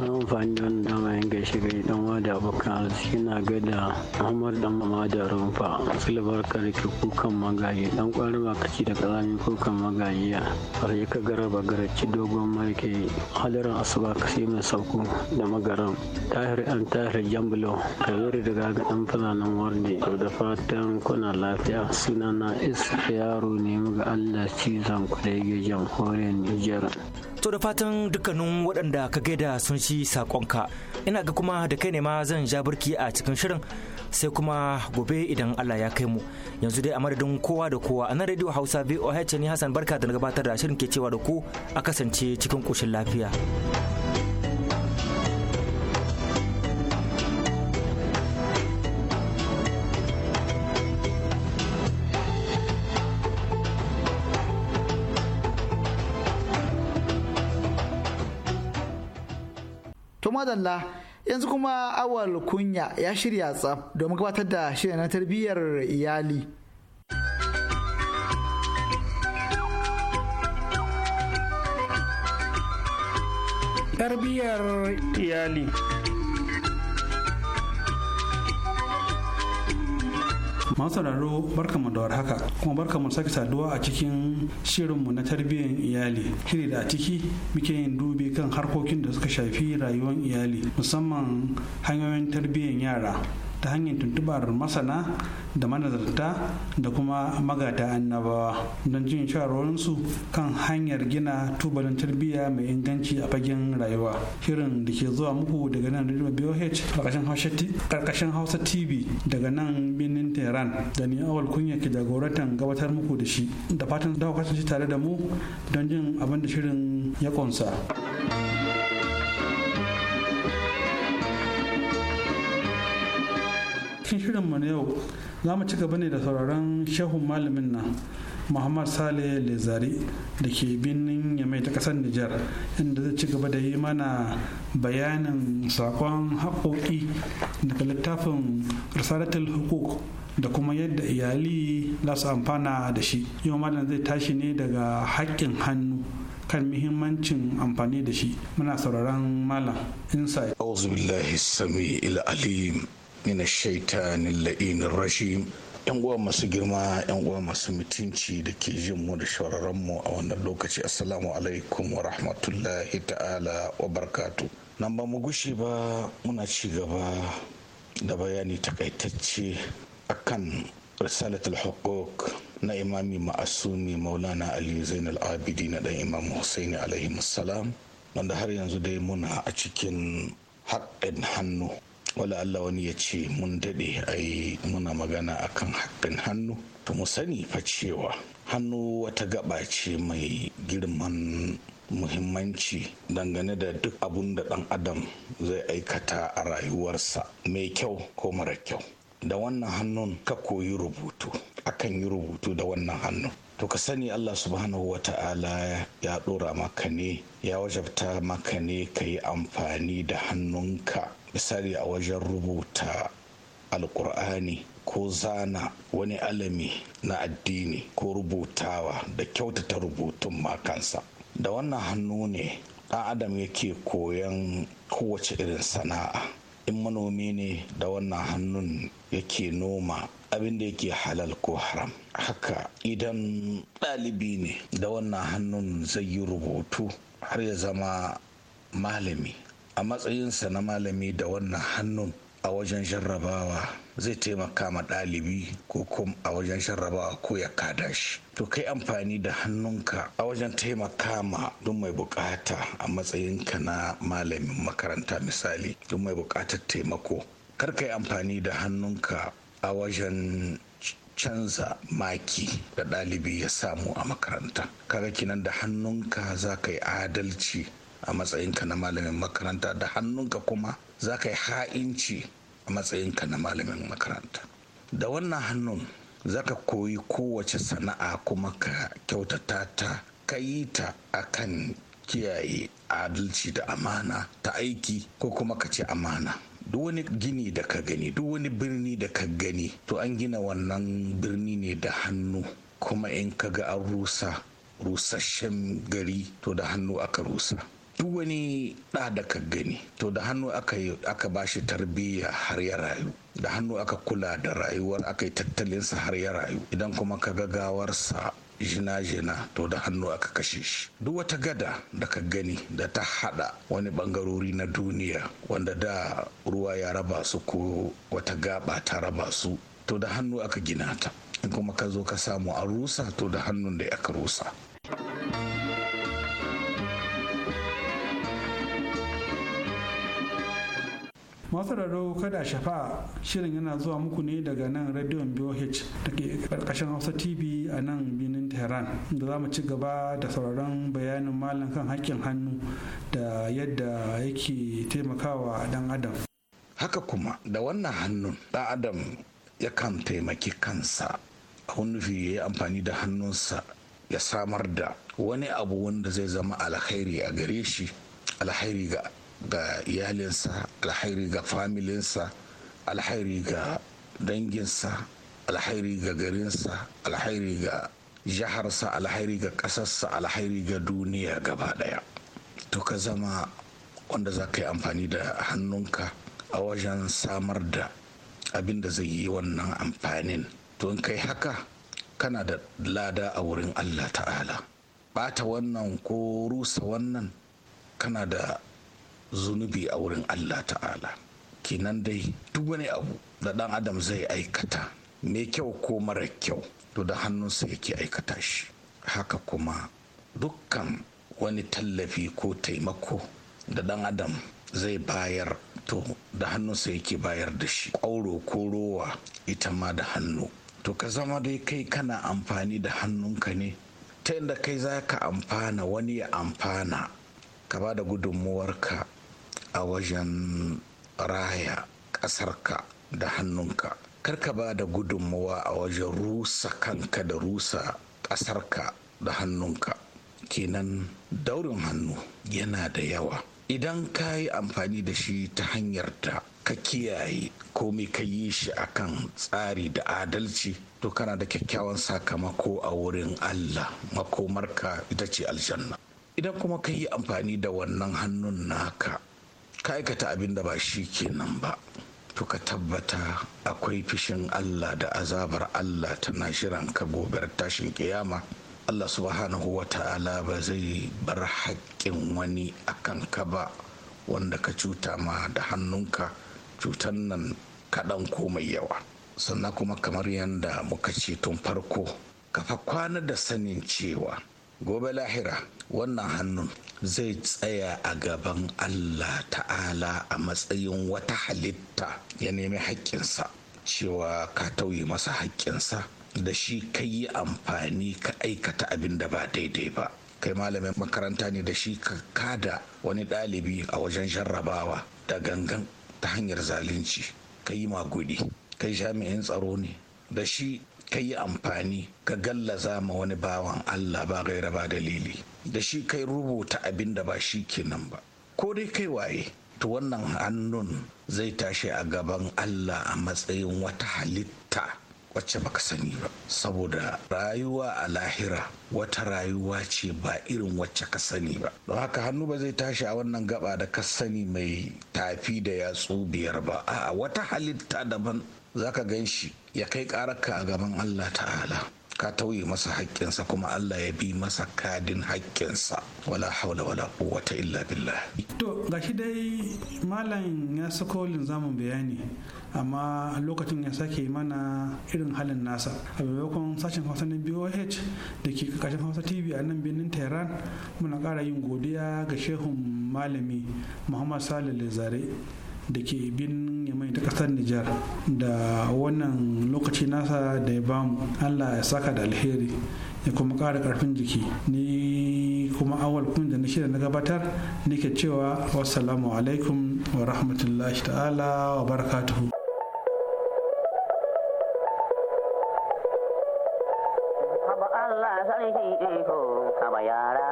Na amfani da wani dama shi ga dan wada abokan arziki na gada ahmad dan mama da rumfa. Silbar karki kukan magaji dan kwarima kaci da kalamin kukan magajiya. Farye ka garaba garaci dogon marke. Halar garin asuba kashe mai sauko da magaran tahir an tahir jambulo wuri daga ga dan fulanin wardi to da fatan kuna lafiya sunana isa yaro ne muga allah cizon ku da yake jamhuriyar nijar to da fatan dukkanin waɗanda ka gaida sun ci sakonka ina ga kuma da kai ne ma zan ja birki a cikin shirin sai kuma gobe idan Allah ya kai mu yanzu dai a madadin kowa da kowa a nan radio hausa voh ni hassan barka da na gabatar da shirin ke cewa da ku a kasance cikin koshin lafiya madalla yanzu kuma awal kunya ya shirya tsaf domin gabatar da shirya na tarbiyyar iyali tarbiyyar iyali masu sauraro mu da warhaka kuma barka mu sake saduwa a cikin shirinmu na tarbiyyar iyali shiri da a ciki muke yin dubi kan harkokin da suka shafi rayuwar iyali musamman hanyoyin tarbiyyar yara ta hanyar tuntubar masana da manazarta da kuma magata annabawa don jin su kan hanyar gina tubalin tarbiyya mai inganci a fagen rayuwa shirin da ke zuwa muku daga nan radio boh karkashin hausa tv daga nan birnin tehran da ni awal kunya ke jagorantar gabatar muku da shi da fatan dawo kasance tare da mu don jin abin da shirin ya kunsa. cikin shirinmu na yau za mu ci gaba ne da sauraron shehun malamin nan muhammad saleh lezari da ke birnin yamai ta kasar nijar inda zai ci gaba da yi mana bayanin sakon haƙoƙi daga littafin risalatul hukuk da kuma yadda iyali za su amfana da shi yau malam zai tashi ne daga haƙƙin hannu kan muhimmancin amfani da shi muna sauraron malam insight auzu billahi sami mina shaita, la'in rashim yan uwa masu girma yan uwa masu mutunci da ke jin mu da shawararren mu a wannan lokaci assalamu alaikum wa rahmatullahi ta'ala wa barkatu nan ba mu gushe ba muna ci gaba da bayani takaitacce akan al-huquq na imami ma'asumi maulana ali zainal abidi na dan imam husaini alaihi wanda har yanzu dai muna a cikin haƙƙin hannu wala Allah wani ya ce mun daɗe ai muna magana akan haƙƙin hannu to mu sani fa cewa hannu wata gaba ce mai girman muhimmanci dangane da duk abun da ɗan adam zai aikata a rayuwarsa mai kyau ko mara kyau da wannan hannun ka koyi rubutu akan yi rubutu da wannan hannun to ka sani Allah subhanahu wa ta'ala ya ɗora maka ne ya wajabta maka ne ka yi amfani da hannunka misali a wajen rubuta alkur'ani ko zana wani alami na addini ko rubutawa da kyautata rubutun makansa da wannan hannu ne ɗan adam yake koyon kowace irin sana'a in manomi ne da wannan hannun yake noma abin da yake halal ko haram haka idan ɗalibi ne da wannan hannun zai yi rubutu har ya zama malami a matsayinsa na malami da wannan hannun a wajen jarrabawa zai taimaka ma ɗalibi ko kuma a wajen jarrabawa ko ya kada shi to kai amfani da hannunka a wajen taimaka ma duk mai bukata a matsayinka na malamin makaranta misali duk mai bukatar taimako kar ka yi amfani da hannunka a wajen canza maki da ɗalibi ya samu a makaranta kaga kinan da hannunka za ka yi adalci a matsayinka na malamin makaranta da hannunka kuma za ka yi ha'inci a matsayinka na malamin makaranta da wannan hannun za ka koyi kowace sana'a kuma ka kyautata ta ka yi ta kan kiyaye adalci da amana ta aiki ko kuma ka ce amana duk wani gini da ka gani duk wani birni da ka gani to an gina wannan birni ne da hannu kuma in ka ga an rusa rusasshen gari to da hannu aka rusa duk wani ɗa da ka gani to da hannu aka ba shi tarbiyya har ya rayu da hannu aka kula da rayuwar aka yi tattalinsa har ya rayu idan kuma ka ga gagawarsa jina-jina to da hannu aka kashe shi duk wata gada da ka gani da ta hada wani bangarori na duniya wanda da ruwa ya raba su ko wata gaba ta raba su to da hannu aka gina ta kuma ka zo ka samu a rusa to da hannun da aka rusa masu raro kada shafa shirin yana zuwa muku ne daga nan radiyon boh da ke karkashin hausa tv a nan birnin tehran da za mu ci gaba da sauraron bayanin malam kan haƙƙin hannu da yadda yake taimakawa dan adam haka kuma da wannan hannun dan adam ya kan taimaki kansa a nufi ya yi amfani da hannunsa ya samar da wani abu wanda zai zama alkhairi a gare shi alkhairi ga ga iyalinsa alhairi ga familinsa alhairi ga danginsa alhairi ga garinsa alhairi ga jiharsa alhairi ga ƙasarsa alhairi ga duniya gaba ɗaya to ka zama wanda za ka yi amfani da hannunka a wajen samar da abin da zai yi wannan amfanin to in kai haka kana da lada a wurin allah ta'ala bata wannan ko rusa wannan kana da zunubi a wurin Allah ta'ala kinan dai duk wani abu da dan adam zai aikata mai kyau ko mara kyau to da hannunsa yake aikata shi haka kuma dukkan wani tallafi ko taimako da dan adam zai bayar to da hannunsa yake bayar da shi ƙauro ko rowa ita ma da hannu to ka zama dai kai kana amfani da hannunka ne ta inda kai za ka amfana wani ya amfana ka ba da gudunmuwarka a wajen raya ƙasarka da hannunka karka ba da gudunmawa a wajen rusa kanka da rusa ƙasarka da hannunka kenan daurin hannu yana da yawa idan ka yi amfani da shi ta hanyar da ka kiyaye komai ka yi shi akan tsari da adalci to kana da kyakkyawan sakamako a wurin allah makomarka ita ce aljanna idan kuma ka yi amfani da wannan hannun naka ka aikata abin da ba shi kenan ba to ka tabbata akwai fishin allah da azabar allah tana shirin ka gobar tashin kiyama allah subhanahu wa ta'ala ba zai bar haƙƙin wani akan ka ba wanda ka cuta ma da hannunka cutan nan kaɗan ko mai yawa sannan kuma kamar yadda muka ce tun farko kafa kwana da sanin cewa gobe lahira wannan hannun zai tsaya a gaban allah ta'ala a matsayin wata halitta ya nemi haƙƙinsa cewa ka tauye masa haƙƙinsa da shi ka yi amfani ka aikata abin da ba daidai ba kai malamin makaranta ne da shi ka kada wani ɗalibi a wajen jarrabawa da gangan ta hanyar zalunci ka yi magudi kai jami'in tsaro ne da shi ka yi amfani ka gallaza ma wani bawan Allah ba gaira ba dalili da shi kai rubuta abin da ba shi kenan ba ko dai kai waye to wannan hannun zai tashi a gaban Allah a matsayin wata halitta wacce baka sani ba saboda rayuwa a lahira wata rayuwa ce ba irin wacce ka sani ba don haka hannu ba zai tashi a wannan gaba da ka sani mai tafi da yatsu biyar ba a wata halitta daban zaka gan shi ya kai ƙararka a gaban allah ta'ala ka tauye masa haƙƙinsa kuma allah ya bi masa kadin haƙƙinsa wala haula wala quwwata illa billah to gashi dai malam ya sako linzamin bayani amma lokacin ya sake mana irin halin nasa a maimakon sashen hausa na boh da ke kashin hausa tv a nan birnin tehran muna ƙara yin godiya ga shehun malami muhammad salih zare da ke bin yamai ta kasar Nijar da wannan lokaci nasa da ya bamu Allah ya saka da alheri ya kuma ƙara ƙarfin jiki ni kuma awal kun da na shirya na gabatar nake cewa wassalamu alaikum wa rahmatullahi ta'ala wa barakatuhu Allah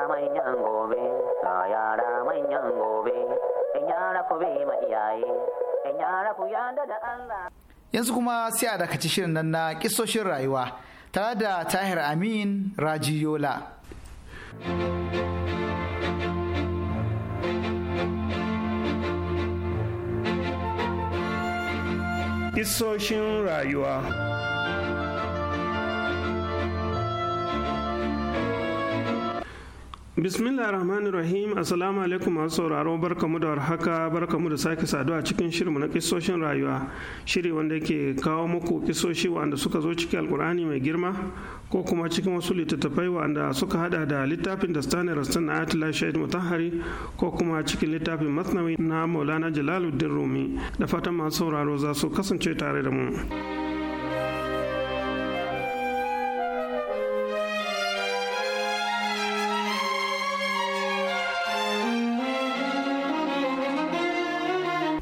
yanzu kuma sai a dakaci shirin nan na kisoshin rayuwa tare da tahir amin rajiyola Kisoshin rayuwa bismillah rahmanir rahim assalamu alaikum masu sauraro barkamu da warhaka barkamu da sake saduwa cikin shirinmu na kisoshin rayuwa shiri wanda ke kawo muku kisoshi wanda suka zo cikin alkur'ani mai girma ko kuma cikin wasu littattafai wanda suka hada da littafin da stanley rastan na atila shahid mutahari ko kuma cikin littafin masnawi na maulana jalaluddin rumi da fatan masu sauraro za su kasance tare da mu.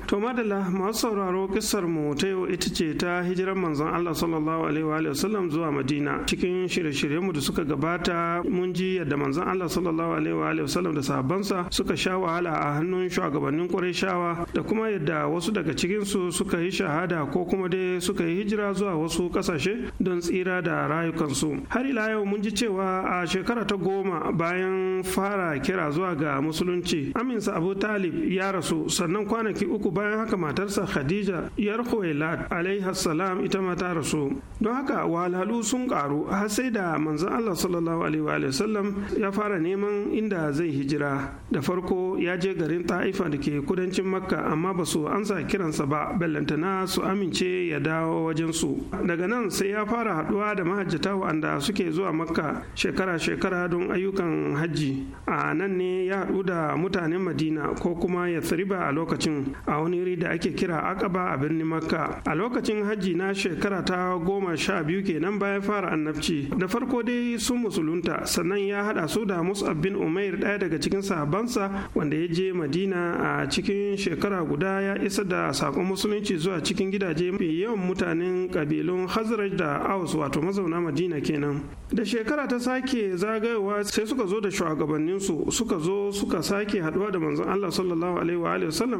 To madalla masu sauraro kisar mu ta yau ita ce ta hijirar manzon Allah sallallahu alaihi wa sallam zuwa Madina cikin shirye-shiryen mu da suka gabata mun ji yadda manzon Allah sallallahu alaihi wa sallam da sabonsa suka sha wahala a hannun shugabannin Qurayshawa da kuma yadda wasu daga cikin su suka yi shahada ko kuma dai suka yi hijira zuwa wasu kasashe don tsira da rayukansu. Har ila yau mun ji cewa a shekara ta goma bayan fara kira zuwa ga musulunci Aminsa Abu Talib ya rasu sannan kwanaki uku bayan haka matarsa khadija yar khuwailad alaiha salam ita ma ta rasu don haka Walalu sun karu har sai da manzon allah sallallahu alaihi wa sallam ya fara neman inda zai hijira da farko ya je garin ta'ifa da ke kudancin makka amma ba su ansa kiransa ba bellantana su amince ya dawo wajen su daga nan sai ya fara haduwa da mahajjata wanda suke zuwa makka shekara-shekara don ayyukan hajji a nan ne ya haɗu da mutanen madina ko kuma ya a lokacin a wani wuri da ake kira akaba a birnin makka a lokacin hajji na shekara ta goma sha biyu kenan baya fara annabci da farko dai sun musulunta sannan ya hada su da mus'ab bin umair daya daga cikin sabansa wanda ya je madina a cikin shekara guda ya isa da sakon musulunci zuwa cikin gidaje mafi yawan mutanen kabilun hazraj da aus wato mazauna madina kenan da shekara ta sake zagayowa sai suka zo da shugabanninsu suka zo suka sake haduwa da manzon allah sallallahu alaihi wa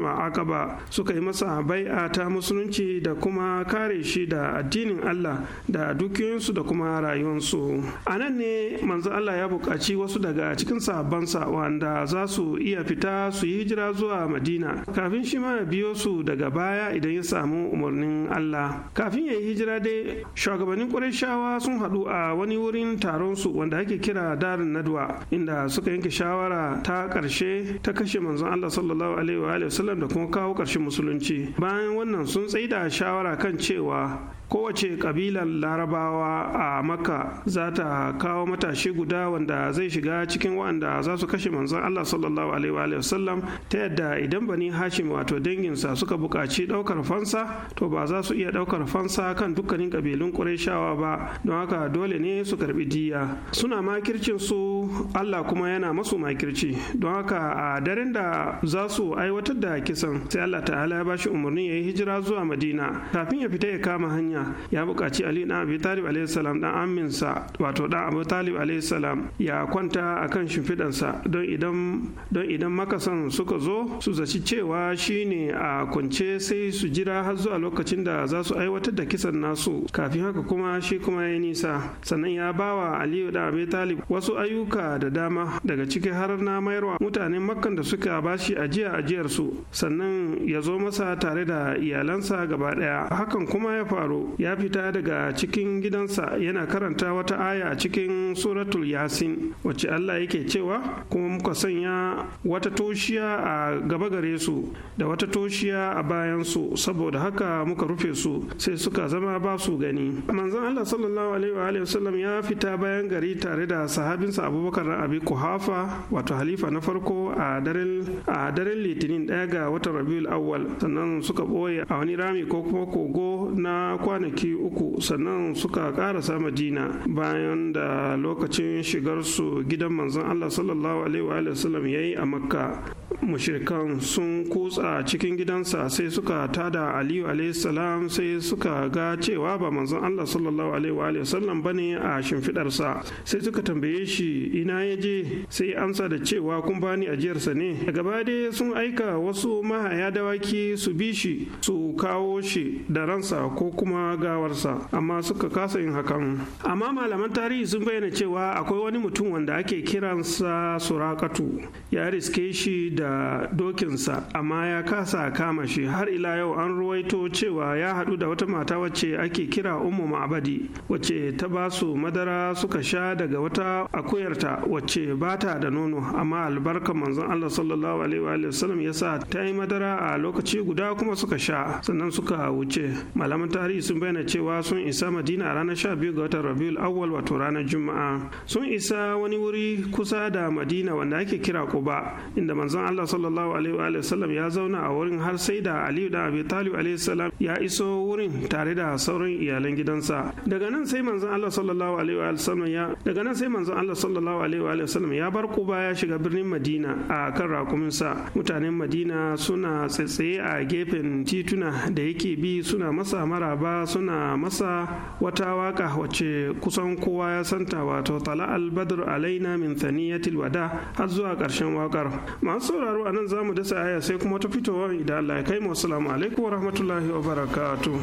a akaba suka yi masa bai'a ta musulunci da kuma kare shi da addinin Allah da dukiyoyinsu da kuma rayuwarsu a nan ne manzo Allah ya buƙaci wasu daga cikin sahabbansa wanda za su iya fita su yi hijira zuwa Madina kafin shi ma biyo su daga baya idan ya samu umarnin Allah kafin ya yi hijira dai shugabannin Qurayshawa sun haɗu a wani wurin taron su wanda ake kira Darin Nadwa inda suka yanke shawara ta ƙarshe ta kashe manzon Allah sallallahu alaihi wa sallam da kuma kawo harshen musulunci bayan wannan sun tsaida shawara kan cewa kowace kabilar larabawa a makka za ta kawo matashi guda wanda zai shiga cikin wanda za su kashe manzon allah sallallahu alaihi sallam ta yadda idan bani hashim wato danginsa suka buƙaci ɗaukar fansa to ba za su iya ɗaukar fansa kan dukkanin kabilun ƙurashawa ba don haka dole ne su karɓi diya suna makircin su allah kuma yana masu makirci don haka a daren da za su aiwatar da kisan sai allah ta'ala ya bashi umarni ya yi hijira zuwa madina kafin ya fita ya kama hanya duniya ya buƙaci ali dan abi talib alayhi salam dan aminsa wato dan abu talib alayhi salam ya kwanta akan shimfidansa don idan don idan makasan suka zo su zaci cewa shi ne a kunce sai su jira har zuwa lokacin da za su aiwatar da kisan nasu kafin haka kuma shi kuma ya nisa sannan ya bawa aliyu dan abi talib wasu ayyuka da dama daga ciki har na mayarwa mutanen makkan da suka bashi ajiya ajiyarsu sannan ya zo masa tare da iyalansa gaba daya hakan kuma ya faru ya fita daga cikin gidansa yana karanta wata aya a cikin suratul yasin wacce Allah yake cewa kuma muka sanya wata toshiya a gaba gare su da wata toshiya a bayan su saboda haka muka rufe su sai suka zama ba su gani manzon Allah sallallahu alaihi wa ya fita bayan gari tare da sahabinsa Abubakar Abi Kuhafa wato halifa na farko a daren a daren Litinin daya ga watan Rabiul Awwal sannan suka boye a wani rami ko kuma kogo na kwa kwanaki uku sannan suka sama madina bayan da lokacin shigarsu gidan manzon allah sallallahu alaihi wa sallam ya yi a makka mushrikan sun kutsa cikin gidansa sai suka tada aliyu salam sai suka ga cewa ba manzon allah sallallahu alaihi ba bane a shimfidarsa sai suka tambaye shi ina ya je sai amsa da cewa kun bani ajiyarsa ne gaba dai sun aika wasu mahaya dawaki su bi shi su kawo shi da ransa ko kuma gawarsa amma suka kasa yin hakan amma malaman tarihi sun bayyana cewa akwai wani mutum wanda ake kiransa surakatu ya riske shi da da dokinsa amma ya kasa kama shi har ila yau an ruwaito cewa ya haɗu da wata mata wacce ake kira ummu ma'abadi wacce ta ba su madara suka sha daga wata akuyarta wacce ba ta da nono amma albarka manzon Allah sallallahu alaihi wa sallam ya sa ta yi madara a lokaci guda kuma suka sha sannan suka wuce malaman tarihi sun bayyana cewa sun isa madina a ranar biyu ga watan rabiul awwal wato ranar juma'a sun isa wani wuri kusa da madina wanda ake kira kuba inda manzon Allah sallallahu alaihi wa sallam ya zauna a wurin har sai da Aliyu da Abi Talib alaihi salam ya iso wurin tare da sauran iyalan gidansa daga nan sai manzon Allah sallallahu alaihi wa sallam ya daga nan sai manzon Allah sallallahu alaihi wa sallam ya bar kuba ya shiga birnin Madina a kan rakumin sa mutanen Madina suna tsaitsaye a gefen tituna da yake bi suna masa maraba suna masa wata waka wacce kusan kowa ya santa wato tala al-badr alaina min thaniyatil wada har zuwa ƙarshen wakar masu sauraro a nan za mu dasa aya sai kuma ta fitowa idan Allah ya kai mu assalamu alaikum wa rahmatullahi wa barakatuh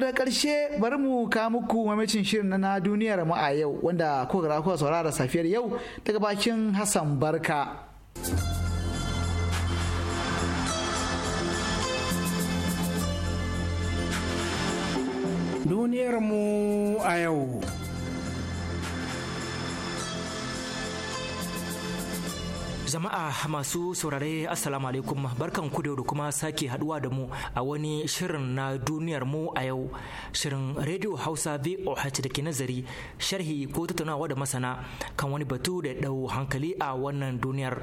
da karshe bari mu ka muku mamacin shirin na duniyar mu a yau wanda kuka kuka saurara safiyar yau daga bakin Hassan Barka. duniyarmu a yau Jama'a masu saurare Assalamu alaikum barkan ku da kuma sake haduwa da mu a wani shirin na duniyar mu a yau shirin Radio Hausa VOH da ke nazari sharhi ko tattaunawa da masana kan wani batu da dau hankali a wannan duniyar.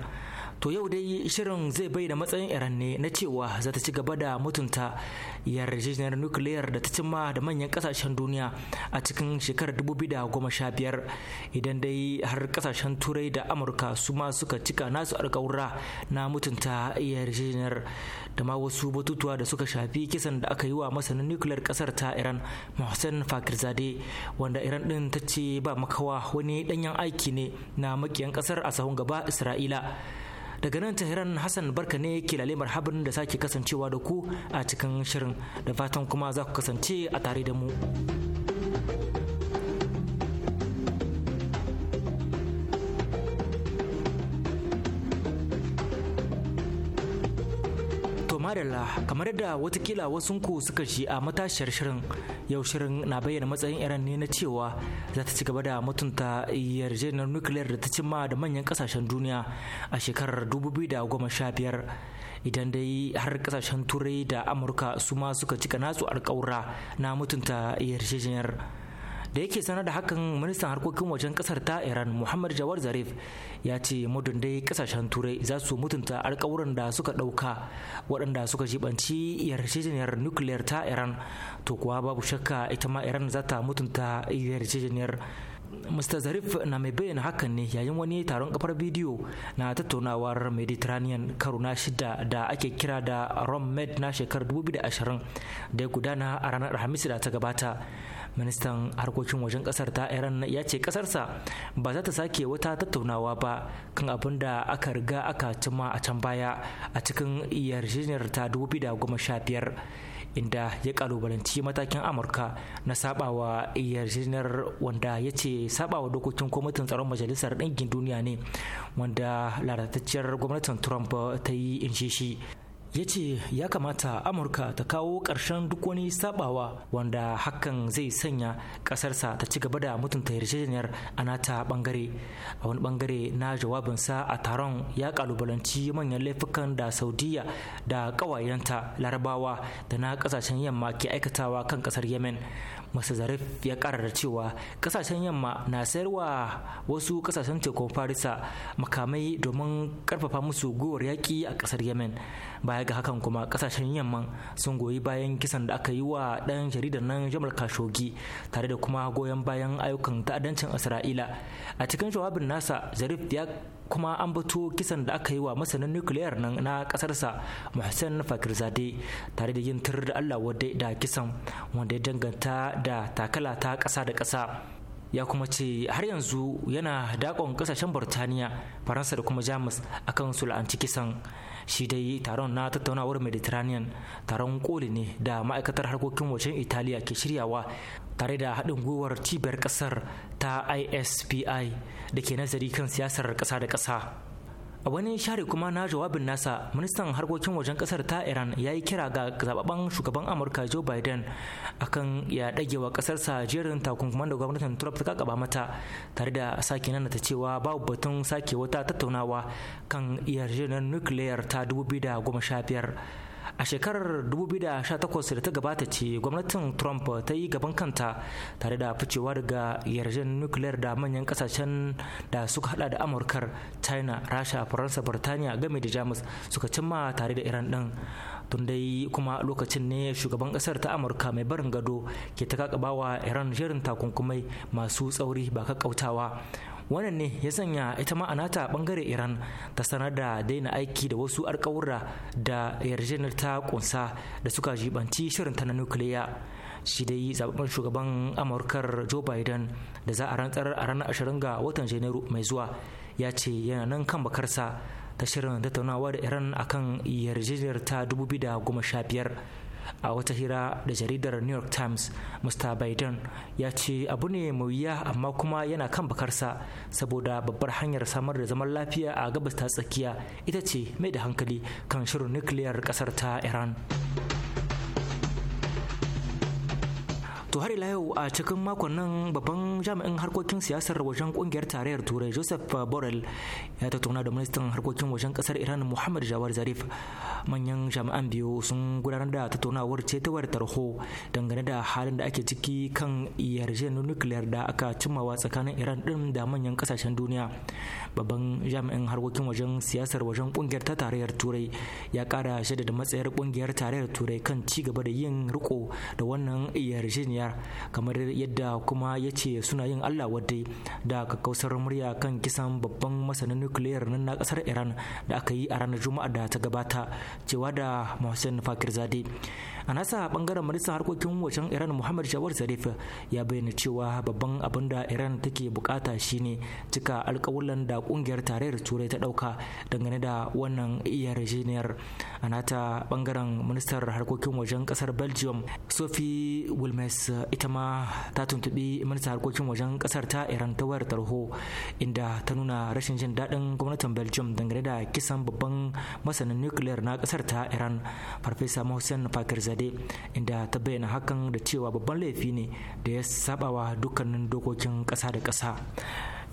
to yau dai shirin zai bai da matsayin iran ne na cewa za ta ci gaba da mutunta yarjejeniyar nukiliyar da ta cimma da manyan kasashen duniya a cikin shekarar 2015 idan dai har kasashen turai da amurka su ma suka cika nasu alkawura na mutunta yarjejeniyar da ma wasu batutuwa da suka shafi kisan da aka yi wa masanin nukiliyar kasar ta iran mohsen fakirzade wanda iran din ta ce ba makawa wani danyen aiki ne na makiyan kasar a sahun gaba isra'ila daga nan tahiran hassan barka ne ke lalemar habin da sake kasancewa da ku a cikin shirin da fatan kuma za ku kasance a tare da mu madalla kamar yadda watakila wasunku suka ji a matashiyar shirin yau shirin na bayyana matsayin iran ne na cewa za ta ci gaba da mutunta yarjejeniyar nukiliyar da ta cimma da manyan kasashen duniya a shekarar 2015 idan dai har kasashen turai da amurka su ma suka cika nasu alkawura na mutunta yarjejeniyar da yake sanar da hakan ministan harkokin wajen kasar ta iran muhammad jawar zarif ya ce mudun dai kasashen turai za su mutunta alkawuran da suka dauka waɗanda suka jibanci yarjejeniyar nukiliyar ta iran to kuwa babu shakka ita ma iran za ta mutunta yarjejeniyar Mr. Zarif na mai bayyana hakan ne yayin wani taron kafar bidiyo na tattaunawar Mediterranean karo na shida da ake kira da Rome Med na shekarar 2020 da ya gudana a ranar Alhamis da ta gabata. ministan harkokin wajen kasar ta iran ya ce kasarsa ba za ta sake wata tattaunawa ba kan abin da aka riga aka cima a can baya a cikin yarjejeniyar ta sha biyar inda ya kalubalanci matakin amurka na sabawa yarjejeniyar wanda ya ce sabawa dokokin kwamitin tsaron majalisar ɗinkin duniya ne wanda lalatacciyar gwamnatin trump ta yi in shi ya ce ya kamata amurka ta kawo ƙarshen duk wani sabawa wanda hakan zai sanya ƙasarsa ta ci gaba da mutunta yarjejeniyar a nata bangare a wani bangare na jawabinsa a taron ya kalubalanci manyan laifukan da saudiya da ƙawayenta larabawa da na ƙasashen yamma ke aikatawa kan ƙasar yemen masazarif ya kara da cewa kasashen yamma na sayarwa wasu kasashen tekun farisa makamai domin karfafa musu gowar yaƙi a kasar yemen baya ga hakan kuma kasashen yamman sun goyi bayan kisan da aka yi wa ɗan jaridar nan jamal kashogi tare da kuma goyon bayan ayyukan ta'addancin isra'ila a cikin jawabin nasa zarif ya kuma an bato kisan da aka yi wa masanin nukiliyar nan na kasarsa muhsin fakirzade tare da yin tur da allah wadda da kisan wanda ya danganta da takala ta kasa da kasa ya kuma ce har yanzu yana dakon kasashen burtaniya faransa da kuma jamus akan su la'anci kisan shi dai taron na tattaunawar mediterranean taron koli ne da ma'aikatar harkokin wajen italiya ke shiryawa tare da haɗin gwiwar cibiyar ƙasar ta ispi da ke nazari kan siyasar ƙasa da ƙasa a wani share kuma na jawabin nasa ministan harkokin wajen kasar ta iran ya yi kira ga zababben shugaban amurka joe biden akan ya dage wa kasarsa jerin takunkuman da gwamnatin trump ta kaba mata tare da sake nan ta cewa babu batun sake wata tattaunawa kan yarjejeniyar nukiliyar ta 2015 a shekarar 2018 da ta gabata ce gwamnatin trump ta yi gaban kanta tare da ficewa daga yarjen nukiliyar da manyan kasashen da suka hada da amurkar china rasha faransa birtaniya game da jamus suka cimma tare da iran din tun dai kuma lokacin ne shugaban kasar ta amurka mai barin gado ke ta kakabawa iran shirin takunkumai masu tsauri ba kautawa. wannan ne ya sanya ita ma ta bangare iran ta sanar da daina aiki da wasu alkawura da yarjejeniyar ta kunsa da suka jibanci shirin ta na nukiliya shi dai zaɓen shugaban amurkar joe biden da za a rantsar a ranar ashirin ga watan janairu mai zuwa ya ce yana nan kan bakarsa ta shirin tattaunawa da iran akan yarjejeniyar ta 2015 a wata hira da jaridar new york times mr biden ya ce abu ne mai wuya amma kuma yana kan bakarsa saboda babbar hanyar samar da zaman lafiya a gabas ta tsakiya ita ce mai da hankali kan shirin nukiliyar kasar ta iran To har ila yau a cikin makon nan babban jami'in harkokin siyasar wajen kungiyar tarayyar turai Joseph Borrell ya tattauna da ministan harkokin wajen kasar Iran Muhammad Jawar Zarif. Manyan jami'an biyu sun gudanar da tattaunawar ce ta wayar tarho dangane da halin da ake ciki kan yarjejeniyar nukiliyar da aka cimmawa tsakanin Iran din da manyan kasashen duniya. babban jami'in harkokin wajen siyasar wajen kungiyar ta tarayyar turai ya kara shaidada matsayar kungiyar tarayyar turai kan ci gaba da yin riko da wannan yarjejeniyar kamar yadda kuma ya ce suna yin allah wadai da kakkausar murya kan kisan babban masanin nukiliyar nan na kasar iran da aka yi a ranar juma'a da ta gabata cewa da mohsen fakirzade a nasa bangaren ministan harkokin wajen iran muhammad jawar zarif ya bayyana cewa babban abin da iran take bukata shine cika alkawulan da kungiyar tarayyar turai ta dauka dangane da wannan yarjejeniyar a nata bangaren ministar harkokin wajen kasar belgium sophie wilmes ita ma ta tuntubi ministan harkokin wajen kasar ta iran ta wayar tarho inda ta nuna rashin jin daɗin gwamnatin belgium dangane da kisan babban masanin nukiliyar na kasar ta iran farfesa mohsen fakir dai inda ta bayyana hakan da cewa babban laifi ne da ya sabawa dukkanin dokokin ƙasa da ƙasa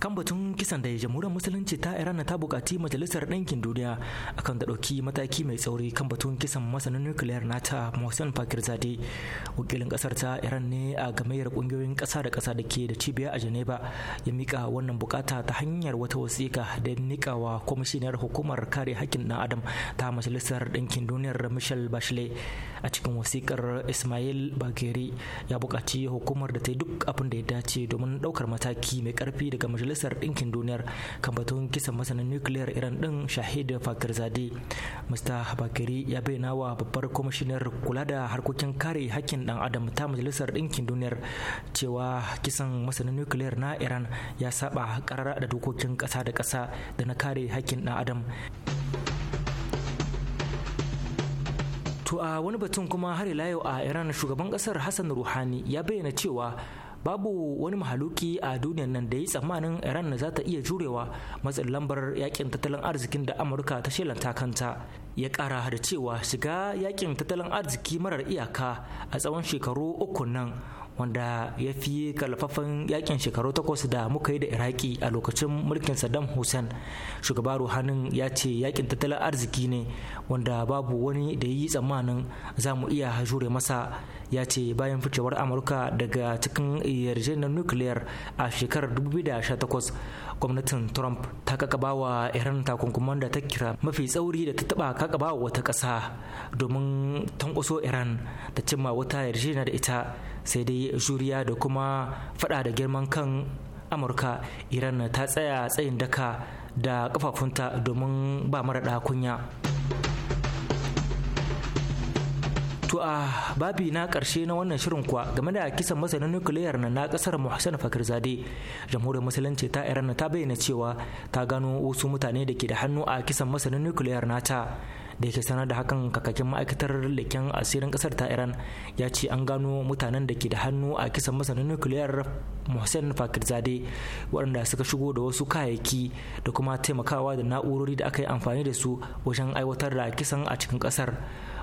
kan batun kisan da jamhuriyar musulunci ta iran ta bukaci majalisar ɗinkin duniya akan da ɗauki mataki mai tsauri kan batun kisan masanin nukiliyar nata mohsen fakirzade wakilin ƙasar ta iran ne a gamayyar ƙungiyoyin ƙasa da ƙasa da ke da cibiya a geneva ya mika wannan bukata ta hanyar wata wasiƙa da ya wa kwamishinar hukumar kare haƙƙin ɗan adam ta majalisar ɗinkin duniyar michel bachelet a cikin wasiƙar ismail bageri ya bukaci hukumar da ta yi duk abin da ya dace domin ɗaukar mataki mai ƙarfi daga majalisar majalisar ɗinkin duniyar kan batun kisan masanin nukiliyar iran ɗin shahid fakirzade mr bakiri ya bayyana wa babbar kwamishinar kula da harkokin kare hakkin ɗan adam ta majalisar ɗinkin duniyar cewa kisan masanin nukiliyar na iran ya saba karara da dokokin kasa da kasa da na kare hakkin ɗan adam To a wani batun kuma har ila yau a Iran shugaban kasar Hassan Ruhani ya bayyana cewa babu wani mahaluki a duniyar nan da ya yi tsammanin iran za ta iya jurewa matsin lambar yakin tattalin arzikin da amurka ta shelanta kanta ya kara da cewa shiga yakin tattalin arziki marar iyaka a tsawon shekaru uku nan wanda ya fiye kalfafan yakin shekaru takwas da muka yi da iraki a lokacin mulkin saddam hussein shugaba ruhanin ya ce yakin tattalin arziki ne wanda babu wani da yi tsammanin za mu iya jure masa ya ce bayan ficewar amurka daga cikin yarjejeniyar nukiliyar a shekarar 2018 gwamnatin trump ta wa iran takunkuman da ta kira mafi tsauri da ta taba kakabawa wata ƙasa domin tankwaso iran ta cimma wata yarjejeniya da ita sai dai juriya da kuma fada da girman kan amurka iran ta tsaya tsayin daka da kafafunta domin ba mara kunya. To a babi na ƙarshe na wannan shirin kuwa game da kisan masanin nukiliyar na ƙasar Muhsin Fakirzade, jamhuriyar musulunci ta Iran ta bayyana cewa ta gano wasu mutane da ke da hannu a kisan masanin nukiliyar nata. da yake sanar da hakan kakakin ma'aikatar leken asirin kasar ta iran ya ce an gano mutanen da ke da hannu a kisan masanin nukiliyar mohsen fakirzade waɗanda suka shigo da wasu kayayyaki da kuma taimakawa da na'urori da aka yi amfani da su wajen aiwatar da kisan a cikin kasar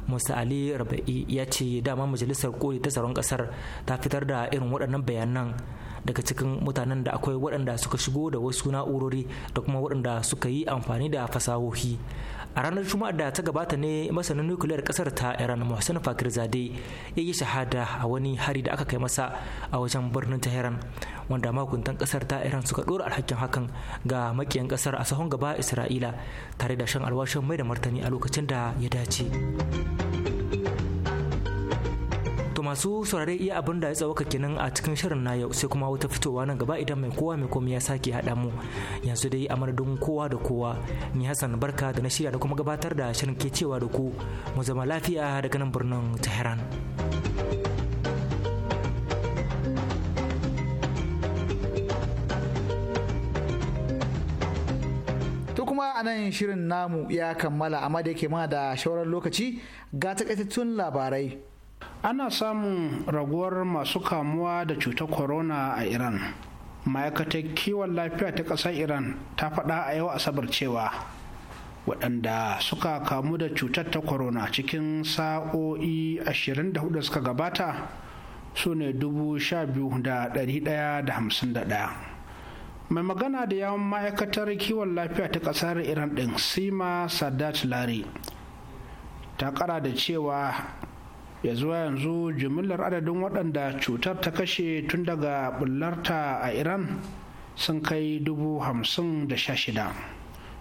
musa ali raba'i ya ce dama majalisar koli ta tsaron kasar ta fitar da irin waɗannan bayanan daga cikin mutanen da akwai waɗanda suka shigo da wasu na'urori da kuma waɗanda suka yi amfani da fasahohi a ranar juma'a da ta gabata ne masanin nukiliyar kasar ta iran muhsin fakirzade ya yi shahada a wani hari da aka kai masa a wajen birnin tehran wanda makuntan kasar ta iran suka dora alhakin hakan ga makiyan kasar a sahun gaba isra'ila tare da shan alwashin mai da martani a lokacin da ya dace to masu saurare iya abin da ya tsawaka kenan a cikin shirin na yau sai kuma wata fitowa nan gaba idan mai kowa mai komi ya sake haɗa mu yanzu dai a madadin kowa da kowa ni hassan barka da na shirya da kuma gabatar da shirin ke cewa da ku mu zama lafiya daga nan birnin tehran kuma a nan shirin namu ya kammala amma da yake ma da shauran lokaci ga takaitattun labarai ana samun raguwar masu kamuwa da cutar corona a iran ma'aikatar kiwon lafiya ta ƙasar iran ta faɗa a yau asabar cewa waɗanda suka kamu da cutar ta corona cikin sa'o'i 24 da suka gabata su ne 12,151 mai magana da yawon ma'aikatar kiwon lafiya ta ƙasar iran ɗin sima sadat lari ta ƙara da cewa ya zuwa yanzu jimillar adadin waɗanda cutar ta kashe tun daga bullarta a iran sun kai dubu hamsin da sha shida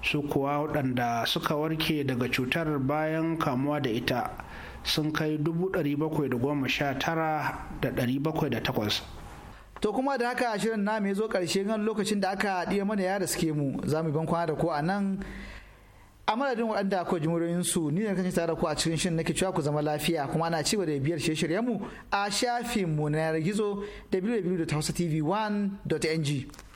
su kuwa waɗanda suka warke daga cutar bayan kamuwa da ita sun kai dubu ɗari bakwai da goma sha tara da ɗari bakwai da takwas To kuma da haka shirin na ya zo ƙarshe gan lokacin da aka haɗiye mana ya da suke mu za mu ban kwana da ko a nan a madadin waɗanda ko jimurorin su ni ne kasance tare ku a cikin shin nake cewa ku zama lafiya kuma ana ci da biyar shirye-shiryen mu a shafin mu na yanar gizo www.hausatv1.ng